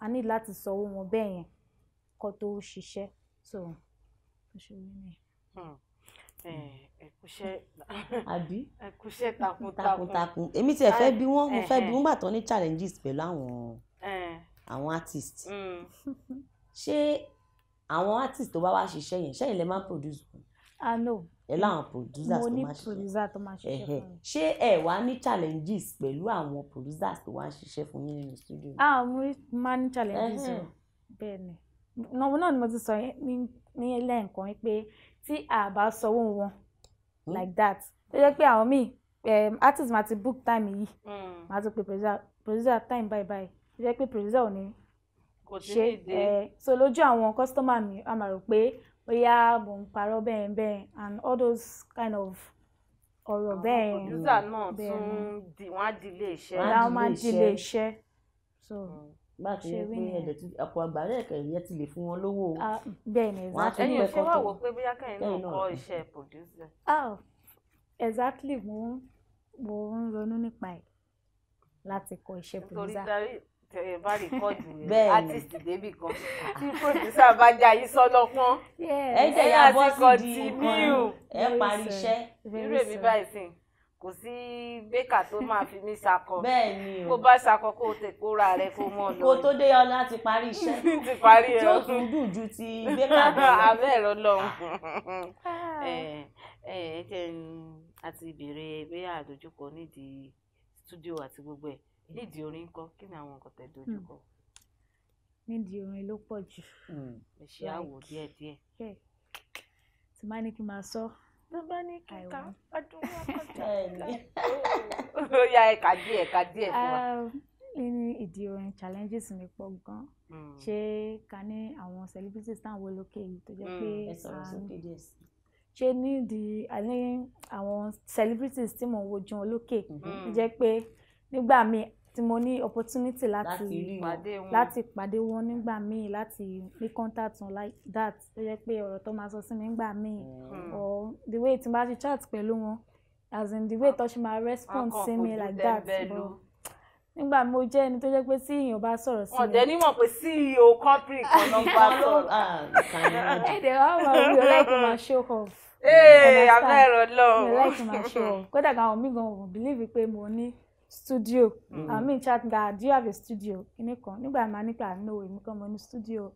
a ní láti sanwó wọn bẹ́ẹ̀ yẹn kó tó ṣiṣẹ́ so bó ṣe rí mi. Hmm. ẹkúṣẹ́ àbí ẹkúṣẹ́ takuntakun takuntakun èmi tiẹ̀ fẹ́ bí wọ́n mo fẹ́ bí wọ́n gbà tán ní challenges pẹ̀lú àwọn àwọn artist hmm. ṣé àwọn artist tó bá wá ṣiṣẹ́ yẹn ṣẹ́yìn lè máa produce. ah no ẹ láwọn producers tó máa ṣiṣẹ́ ẹhẹ ṣé ẹ wá ní challenges pẹ̀lú àwọn producers tó wá ń ṣiṣẹ́ fún yín nínú studio. Ah, mo máa ní challenges o bẹ́ẹ̀ ni náà náà ni mo ti sọ ní lẹ́ẹ̀kan pé tí a bá sanwó wọn hmm? like that tó jẹ́ pé àwọn míì artist máa ti book time yìí hmm. máa ti pè producer time bye bye tó jẹ́ pé producer ò ní ṣe eh, so lójú àwọn customer mi a máa rò pé bóyá mò ń parọ́ bẹ́ẹ̀ bẹ́ẹ̀ and all those kind of ọ̀rọ̀ bẹ́ẹ̀. àwọn pòdúsà náà tún di wọ́n á di ilé iṣẹ́. wọ́n á di ilé iṣẹ́. so mm. bá a ti rí pé ẹ̀dẹ̀ tí àpò àgbàdo ẹ̀kẹ́ yẹn ti lè fún wọn lówó. Ah, bẹ́ẹ̀ ni exactly. ẹ̀yin ṣé wàá wò pé bóyá kẹ́yìn náà kọ́ iṣẹ́ pòdúsà. ah exactly mo mo ń ronú nípa ẹ̀ láti kọ́ iṣẹ́ pòdúsà tẹ bá rìkọ́ọ̀dù artist débì kan tí pòdùsà bá jẹ ayé sọlọ́pọ́n ẹ jẹ́ ya bọ́ sí di nǹkan ẹ parí iṣẹ́. irú èmi báyìí sìn kò sí bẹ́kà tó máa fi mí sakọ kó bá sakọ kó tẹ kó ra rẹ kó mọ lọ. kó tó dé ọlá ti parí iṣẹ́ ti parí ẹ tí ó tún dùn ju ti bẹ́kà lọ. abẹ́ ẹ̀rọ lọ́hùn ah. ẹ ẹ jẹ́ àti ìbéèrè bẹ́ẹ̀ àdójúkọ nídìí stúdíò àti gbogbo ẹ̀ nídìí orin kọ kí ni àwọn nǹkan tẹ dojú hmm. kọ. nídìí orin ló pọ̀ jù. Hmm. ẹ ṣe àwò díẹ̀ díẹ̀. tí má ní kí n máa sọ. tó bá ní kí n ká ọdún wọn kọjá ẹ ó yá ẹ̀ka díẹ̀ ẹ̀ka díẹ̀ fún wa. Um, nínú ìdí orin challenges mi pọ̀ gan-an hmm. ṣé ká ní àwọn celebrities táwọn olókè yìí tó jẹ́ pé ṣe nídìí àní àwọn celebrities tí mò ń wojú olókè tó jẹ́ pé nígbà míì tí mo ní opportunity láti láti pàdé wọn nígbà míì láti ní contact on like that tó jẹ́ pé ọ̀rọ̀ tó máa sọ sí mi nígbà míì hmm. or the way tí n bá ṣe chat pẹ̀lú wọn as in the way tó ṣe máa respond sí mi like that nígbà mo jẹ́ ẹni tó jẹ́ pé tí èèyàn bá sọ̀rọ̀ sí mi. ọ̀dẹ nímọ̀ pé CEO company kan ló ń bá sọ̀rọ̀. Ah, ẹ̀dẹ̀ wá wà wí o láìpẹ́ máa show off. ee abẹ́rẹ́ lọ. mi ò láìpẹ́ máa show off kódà àwọn mí gan-an ò believe pé mo ní studio mm. àmì chat gba ah, do you have a studio kíní kan nígbà máa nípa ah, no èmi kan mo ní studio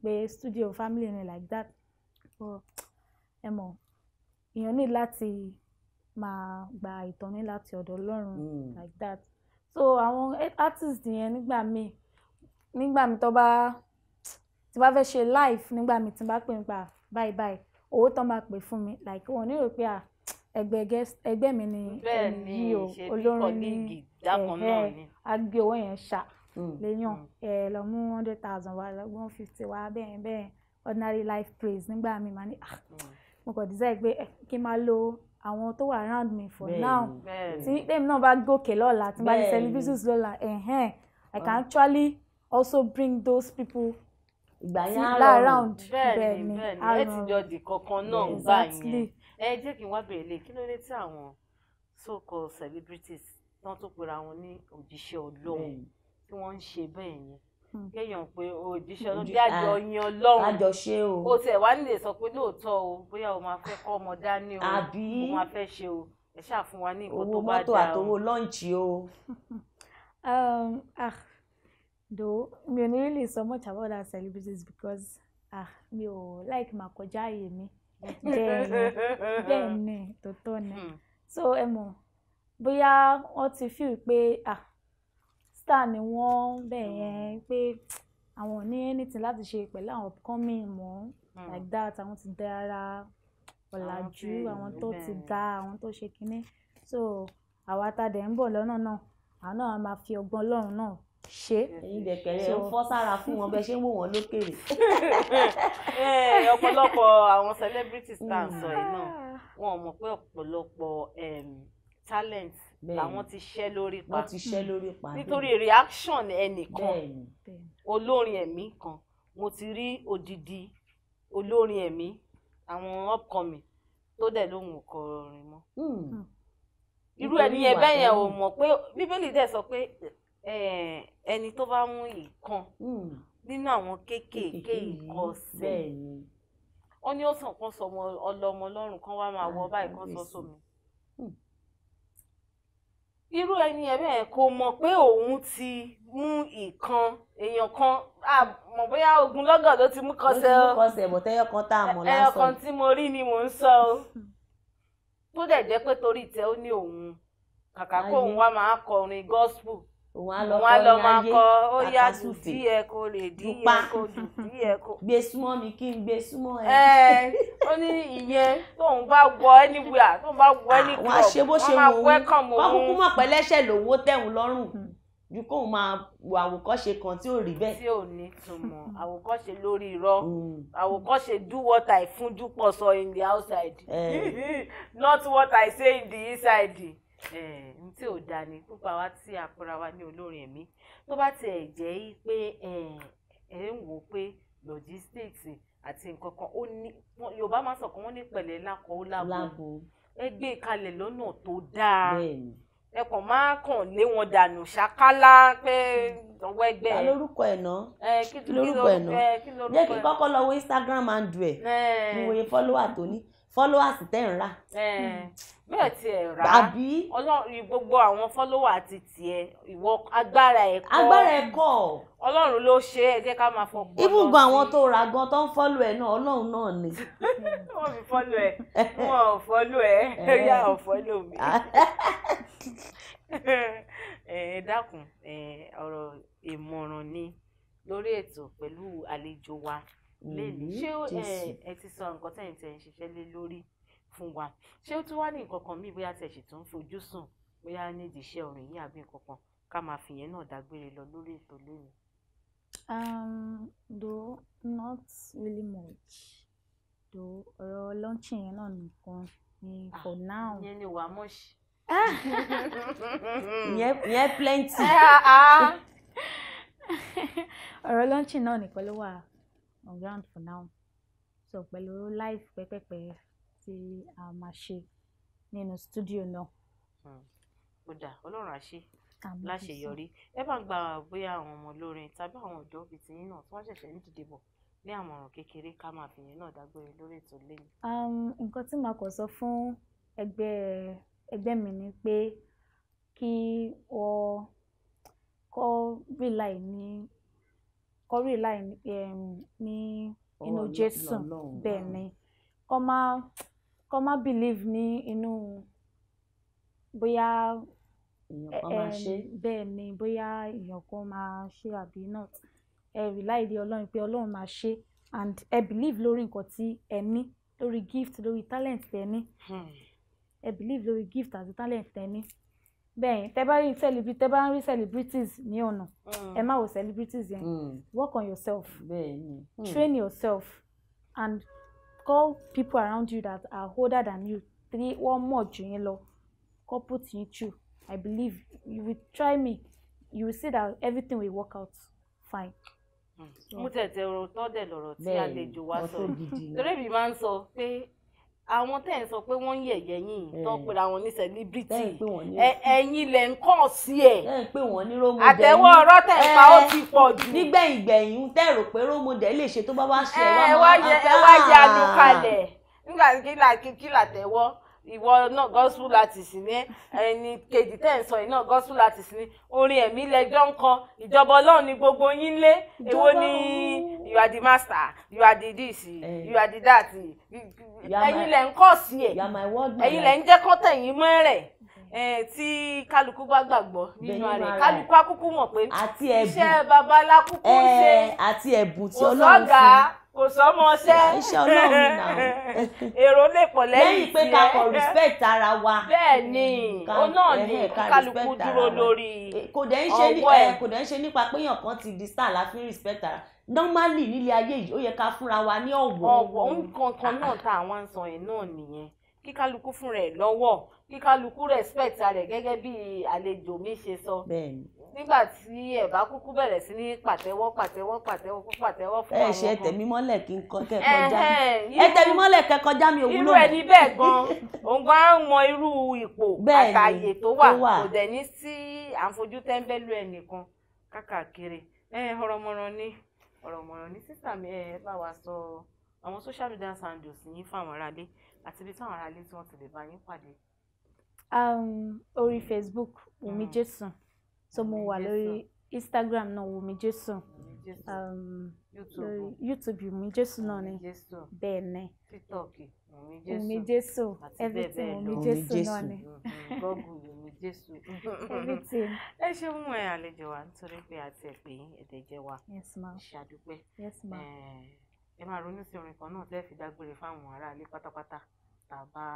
gbé studio family ni like that but ẹ mọ̀ èèyàn ní láti máa gba ìtọ́ni láti ọ̀dọ̀ Ọlọ́run mm. like that so àwọn artist yẹn nígbà míì nígbà míì tó bá tí bá fẹ́ ṣe live nígbà míì tí bá pè ń ah, bye. báyìí báyìí owó tó máa pè fún mi like wọn ò ní rò pé à ẹgbẹ́ ẹgbẹ́ mi ni ẹni yìí o olórin ní ẹ̀ẹ́ agbé owó yẹn ṣá mm, léyàn mm. ẹ̀ lọ mú one hundred thousand wá lọ one fifty wá bẹ́ẹ̀ bẹ́ẹ̀ ordinary life praise nígbà mi máa ní ah, mm. mo kàn decide pé eh, kí n máa lo àwọn tó wà around me for ben, now tí tèmi náà bá gòkè lọ́la tí n bá di celebrities lọ́la ẹ̀hẹ́n I can ah. actually also bring those people ìgbà yẹn around bẹ́ẹ̀ ni bẹ́ẹ̀ ni ẹ ti jọ di kankan náà gbà yẹn ẹ jẹ́ kí n wá bèrè lè kí ló dé tí àwọn so-called celebrities tán tó pera wọn ní òjíṣẹ́ ọlọ́run tí wọ́n ń ṣe bẹ́ẹ̀ yẹn hmm. kéèyàn pé òjíṣẹ́ ọlọ́run bí àjọ ah, yin ọlọ́run o tẹ̀ wá nílé sọ pé lóòótọ́ o bóyá o máa fẹ́ kọ́ ọmọ dání o àbí o máa fẹ́ ṣe o ẹ ṣáà wa ní nǹkan bá dáa o owó mọ́tò àtowó lọ́ǹchì o. Um, ah, mi ò ní really so much about that celebrities because ah, mi ò like màkọjá ààyè bẹ́ẹ̀ni bẹ́ẹ̀ni tó ni hmm. so ẹ mọ̀ bóyá wọ́n ti feel pé ah star ni wọ́n bẹ́ẹ̀ yẹn hmm. pé àwọn ò ní anything láti ṣe pẹ̀lú àwọn upcoming mọ́ hmm. like that àwọn ti dára ọ̀làjú àwọn tó ti dá àwọn tó ṣe kinní so àwa tá dẹ̀ ń bọ̀ lọ́nà náà àwọn náà a máa fi ọgbọ́n Ọlọ́run náà ṣe. ẹ̀yin dẹkẹrẹ ń fọ́ sára fún wọn bẹ ṣé ń wò wọn lókèrè. ọ̀pọ̀lọpọ̀ àwọn celebrities tá à ń sọ yìí náà mm. wọn ò mọ̀ pé ọ̀pọ̀lọpọ̀ talent làwọn ti ṣẹ́ lórí pa wọ́n ti ṣẹ́ lórí pa nítorí reaction ẹnìkan olórin ẹ̀mí kan mo ti rí odidi olórin ẹ̀mí àwọn upcoming tó dẹ̀ lóhùn ọkọ̀ orin mọ́ hmm. irú ẹni yẹn bẹ́ẹ̀ yẹn ò mọ̀ pé bíbélì dẹ̀ sọ pé Eh, ẹni tó bá mú ìkan hmm. nínú àwọn kéékèèké ìkọsẹ̀ ó ní ó sàn kan sọmọ ọlọmọ ọlọ́run kan wá máa wọ ah, báyìí kan sọ sómi hmm. irú ẹni ẹ bẹ́ẹ̀ kò mọ̀ pé òun ti mú ìkan èèyàn kan mọ̀ bóyá ogun lọ́gàn ló ti mú kọsẹ̀ ó ti mú kọsẹ̀ bọ̀ tẹ́yọ̀ kan tá a mọ̀ lásán ẹyọ kan tí mo rí ni mò ń sọ o tó dẹ̀ jẹ́ pé torí tẹ ó ní òun kàkà kó òun wá máa kọrin gospel òun á lọ kọ ní ayé àkàtúfè dùpá gbé súnmọ́ mi kí n gbé súnmọ́ ẹ. ẹ ó ní ìyẹn tóun bá wọ anywhere tóun bá wọ ah, any club wọ́n máa welcome òun. wọ́n kúkú mọ̀ pẹ́lẹ́sẹ̀ lówó tẹ̀hún lọ́rùn hmm. ju kóun máa wo àwòkọ́ṣe kan tí ò rí bẹ́ẹ̀. tí ò ní túmọ̀ àwòkọ́ṣe lórí irọ́ hmm. àwòkọ́ṣe do what I fúnjú pọ̀ sọ in the outside eh. not what I say in the inside n tí ò da ni púpọ̀ wa tí a kóra wa ní olórin ẹ̀mí tó bá tiẹ̀ jẹ́ pé ẹ ń wò ó pé logistics àti nǹkan kan ó ní Yorùbá máa sọ̀kan wọ́n ní pẹ̀lẹ́ lákọ̀ ó lágbo ẹ gbé e kalẹ̀ lọ́nà tó dáa ẹ kàn máa kàn lé wọn dànù ṣákálá pé ọwọ́ ẹgbẹ́ ẹ. lórúkọ ẹ̀ ná kí lórúkọ ẹ̀ ná jẹ́ kí kọ́kọ́ lọ wo Instagram handle ẹ̀ ìwòye fọ́lọ́wà tó ní followers tẹ́ ń rà. Eh, bí ẹ tiẹ̀ rà á ọlọ́run gbogbo àwọn follower ti tiẹ̀ ìwọ agbára ẹ̀ kọ́ agbára ẹ̀ kọ́ ọlọ́run ló ṣe é jẹ́ ká máa fọkàn. ibùgbọ́n àwọn tó rà gan tó ń fọ́lù ẹ̀ náà ọlọ́run náà ni. wọ́n fi fọ́lù ẹ̀ wọ́n ò fọ́lù ẹ̀ ẹ̀rí eh. ò fọ́lù mi. Eh, ẹ dákun ọ̀rọ̀ ìmọ̀ràn ni lórí ètò pẹ̀lú àlejò wa lẹ́nu ṣé ẹ ti sọ nǹkan tẹ̀yìn tẹ̀yìn ṣiṣẹ́ lé lórí fún wa ṣé ó tún wá ní nǹkan kan míì bóyá tẹ̀ ṣì tún fojú sùn bóyá nídìí iṣẹ́ orin yìí àbí nǹkan kan ká máa fìyẹn náà dágbére lọ lórí ètò lónìí. Um, though not really much though ọ̀rọ̀ launching yẹn náà nìkan ni ah, for now. ìyẹn ni wàá mọ̀ sí. Ah! ìyẹn plenty. Ah, ọ̀rọ̀ launching náà nìkan ló wà on ground for now so pẹ̀lú live pẹ́pẹ́pẹ́ tí a máa ṣe nínú studio náà. Hmm. ó dà ọlọ́run àṣẹ láṣeyọrí ẹ bá ń gba bóyá àwọn ọmọ olórin tàbí àwọn ọ̀dọ́ bíi tiyín náà tí wọ́n ṣẹ̀ṣẹ̀ ń dìde bọ̀ ní àmọ̀ràn kékeré ká máa fìyẹn náà dágbére lórí ètò lẹ́yìn. Um, nǹkan tí màá kàn sọ fún ẹgbẹ́ ẹgbẹ́ mi ni pé kí wọ́n kọ́ rely ní kọrí láì ní inú Jésù bẹ́ẹ̀ ni kọ́ má kọ́ má believe ní inú bóyá èèyàn kan bẹ́ẹ̀ ni bóyá èèyàn kan máa ṣe àbí not ẹ rí di ọlọ́run pé ọlọ́run máa ṣe and ẹ believe lórí nǹkan tí ẹ ní lórí gift lórí talent tẹ ní hmm. ẹ believe lórí gift àti talent tẹ ní bẹ́ẹ̀ tẹ́ bá rí celebrity tẹ́ bá ń rí celebrities ní ọ̀nà mm. ẹ má wo celebrities yẹn mm. work on yourself bẹ́ẹ̀ni mm. train yourself and call people around you that are older than you three wọ́n mọ̀ jù yín lọ couple tí yín chew I believe you will try me you will see that everything will work out fine mú tẹ̀tẹ̀ ọ̀rọ̀ tán dẹ̀ lọ́rọ̀ tí àlejò wa sọ torí èmi máa ń sọ pé àwọn tẹ́ ẹ̀ sọ pé wọ́n ń yẹ̀yẹ́ yín tó pera wọn ní sẹ́líbírìtì ẹ̀yin lẹ̀ ń kàn sí ẹ̀ àtẹ̀wọ́ ọ̀rọ̀ tẹ̀ pa ó ti pọ̀ jù. nígbẹ̀yìn gbẹ̀yìn tẹ́ rò pé rómọdé lè ṣe tó bá wá ṣe ẹ̀ wá máa ń pa á. ẹ wá ah. yanu kalẹ̀ nígbà kí là tẹ̀wọ́ ìwọ náà gospel artist ni ẹni kejì tẹ́ ń sọ yìí náà gospel artist ni orin ẹ̀mí lẹ́jọ́ ń kan ìjọba ọlọ́run ni gbogbo yín lé èwo ni you are the master you are the this you are the that ẹ̀yin lẹ́ ń kọ́ sí ẹ̀ ẹ̀yin lẹ́ ń jẹ́ kọ́tẹ̀yìn mọ́ rẹ̀ tí kálukú bá gbàgbọ́ nínú rẹ̀ kálukú akúkú mọ̀ pé iṣẹ́ babalá kúkú ń ṣe àti ẹ̀bùn tí ọlọ́run fún kò sọmọ ọṣẹ iṣẹ́ ọlọ́run náà èrò lè pọ̀ lẹ́yìn tiẹ̀ lẹ́yìn pé ká kọ respect ara wa bẹ́ẹ̀ ni ó náà ní kálukú dúró lórí ọwọ́ ẹ̀ kò dẹ̀ ń ṣe nípa pé èèyàn kan ti di star la respect ara normally nílé ayé yìí ó yẹ ká fúnra wa ní ọ̀wọ̀ ọ̀wọ̀ nǹkan kan náà tá àwọn sọ yẹn náà nìyẹn kí kálukú fúnra ẹ̀ lọ́wọ́ kí kálukú respect rẹ̀ gẹ́gẹ́ bí àlejò mi ṣe sọ nígbà tí ẹ bá kúkú bẹ̀rẹ̀ sí ní pàtẹ́wọ́ pàtẹ́wọ́ pàtẹ́wọ́ pàtẹ́wọ́ fún àwọn ọmọ ẹ ṣe tẹ̀mí mọ́lẹ̀ kí n kọ́ kẹ́kọ̀ọ́já mi ẹ tẹ̀mí mọ́lẹ̀ kẹ́kọ̀ọ́já mi òwúlò mi. irú ẹni bẹ́ẹ̀ gan òun gan á mọ irú ipò àtàyè tó wà kò dẹ̀ ní sí àfojú tẹ́ńbẹ́lú ẹnìkan káàkiri ọ̀rọ̀ mọ̀ràn ni ọ̀rọ̀ mọ̀ràn ni sísà mi ẹ bá wa sọ àwọn social media handles yín fáwọn aráalé àti ibi táwọn aráalé tí wọ́n ti lè bá yín pàdé um, orí mm. facebook wùmí mm. jésù so mo wà lórí instagram náà wùmí jésù youtube wùmí jésù náà ni bẹ́ẹ̀ ni wùmí mm-hmm. jésù everything wùmí jésù náà ni google wùmí jésù everything. ẹ ṣe mú ẹ àlejò wa nítorí pé àti ẹ̀pẹ́ yín ẹ̀dẹ̀ jẹ́ wa ṣàdúpẹ́ ẹ máa ronú sí orin kan náà tẹ́ fi dágbére fáwọn aráalé pátápátá tá a bá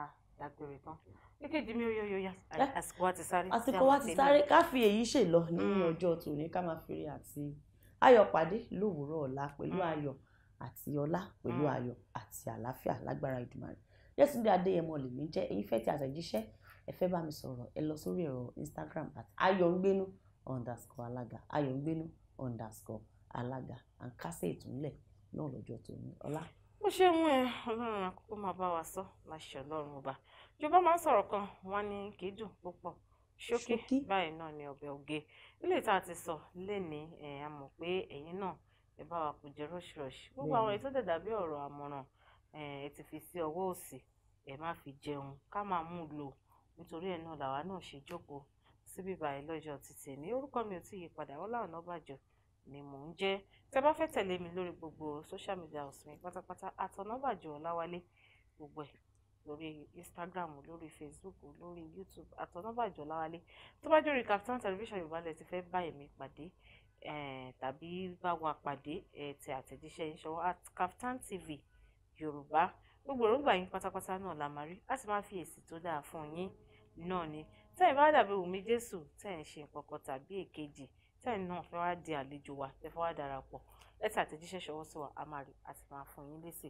dágbére tán èkejì mi yóò yóò yá àsìkò wa ti sáré. àsìkò wa ti sáré ká fi èyí ṣe lọ ní mm. ọjọ́ tòní ká máa fi rí àti ayọ̀ pàdé lówùúrọ̀ ọ̀la pẹ̀lú mm. ayọ̀ àti ọlá pẹ̀lú mm. ayọ̀ àti àlàáfíà lágbára Èdùmàrè Yẹ́túndé Adéyẹmọ lèmi jẹ́ èyí fẹ́ ti àtẹ̀jíṣẹ́ ẹ fẹ́ bá mi sọ̀rọ̀ ẹ lọ sórí ẹ̀rọ Instagram at ayọ̀ngbénu underscore alága ayọ̀ngbénu underscore alága à ń kásẹ̀ ìtúnlẹ̀ náà lọ́jọ́ tòní ọlá bó ṣe mú ẹ ọlọ́run àkókò máa bá wa sọ láṣẹ ọlọ́run ọba ìjọba máa ń sọ̀rọ̀ kan wọn ní kì í dùn púpọ̀ ṣókí báyìí náà ni ọbẹ̀ oge ilé ìta ti sọ lénìí ẹ̀ a mọ̀ pé ẹ̀yin náà ẹ bá wa kò jẹ́ rọ́ṣirọ́ṣi gbogbo àwọn ètò dẹ̀dà bí ọ̀rọ̀ àmọ̀ràn ẹ ti fi sí ọwọ́ òsì ẹ má fi jẹun ká máa mú lò nítorí ẹ̀ náà làwa náà ṣe jókòó síbí báyìí lọ́jọ́ títì ní orúkọ mi ò tí yí padà Ọlá Ọ̀nàbàjọ́ ni mò ń jẹ́ tẹ́ bá fẹ́ tẹ̀lé mi lórí gbogbo social media house mi pátápátá àtọ̀nàbàjọ ọ̀làwálé gbogbo ẹ̀ lórí instagram lórí facebook lórí youtube àtọ̀nàbàjọ ọ̀làwálé tó bá jẹ́ orí television yorùbá lẹ ti fẹ́ bá èmi pàdé tàbí bá wa pàdé tẹ àtẹ̀jíṣẹ́ yín at Kaftan TV yorùbá gbogbo èròǹgbà yín pátápátá náà la máa rí a sì máa fi èsì tó dáa fún yín náà ni tẹ́yìn bá dàbí Wùmí Jésù tẹ́yìn ṣe nǹkan tàbí èkejì tẹ́yìn náà fẹ́ wá di àlejò wa ẹ fẹ́ wá darapọ̀ lẹ́tà àtẹ̀jíṣẹ́ ṣọwọ́ sí wa a máa rí a máa fún yín lésì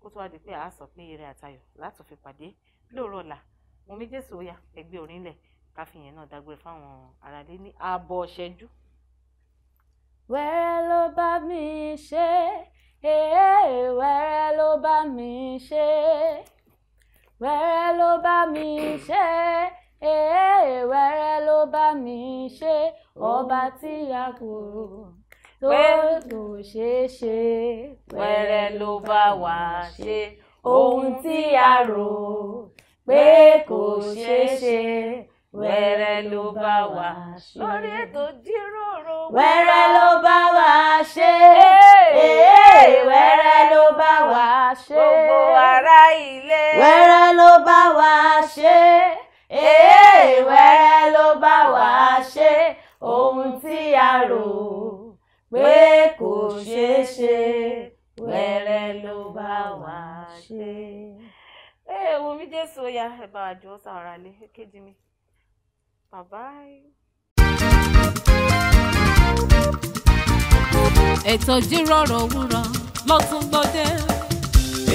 kó tó wá di pé a sọ pé eré àtayọ̀ láti fi pàdé lóòrọ̀ ọ̀la mo mi jésù óyá ẹgbẹ́ orílẹ̀ káfíyẹn náà dágbére fáwọn aráalé ní ààbọ̀ ṣẹ́jú. wẹ́rẹ́ ló bá mi ṣe èé eh, wẹ́rẹ́ ló bá mi ṣe wẹ́rẹ́ ló bá mi ṣe ee wẹ́rẹ́ ló bá mi ṣe ọba oh. tí a kò tó kò ṣeé ṣe wẹ́rẹ́ ló bá wa ṣe ohun tí a rò pé kò ṣeé ṣe wẹ́rẹ́ ló bá wa ṣe lórí ètò jíròrò wẹ́rẹ́ ló bá wa ṣe wẹ́rẹ́ ló bá wa ṣe gbogbo ará ilé wẹ́rẹ́ ló bá wa ṣe. rò pé kò ṣeé ṣe wẹ́rẹ́ ló bá wá ṣe. ẹ wo mi dé sóyà ẹ bá àjọ sàrà lé kejì mi bàbá. ètò ìjíròrò òwúrọ̀ ló tún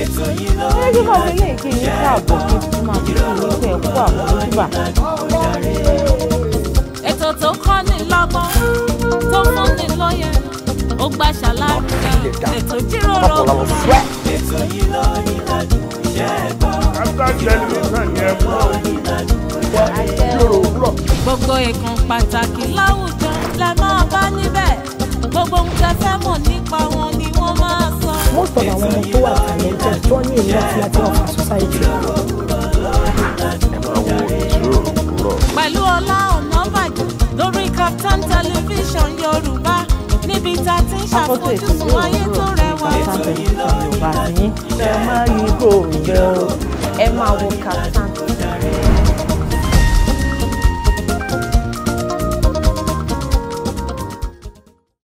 ètò yìí ló ń bá ilé ìgbé yìí káàbọ̀ kí wọ́n máa fi ìlú ẹ̀ kú àbúrò jùbà. ètò tó kọ́ ni lọ́gbọ́n tó fúnni lóye ó gba ṣàlàyé ètò jíròrò ètò yìí ló ní ládùn iṣẹ́ ẹ̀kọ́ ìjọba ìjọba gbogbo ìkan pàtàkì láwùjọ la máa bá níbẹ̀ gbogbo ohun tẹ́ mọ̀ nípa wọn ni wọ́n máa sọ. most of àwọn ọmọ tó wà talented tó ní ìlú àti àti ọ̀fà society. pẹ̀lú Ọlá Ọ̀nàbàjọ́ Captain television yorùbá níbi tá a ti ń ṣàfojúsùn ayé tó rẹwà. Kaftan television yorùbá ní ẹ máa yí kò ń wo Kaftan.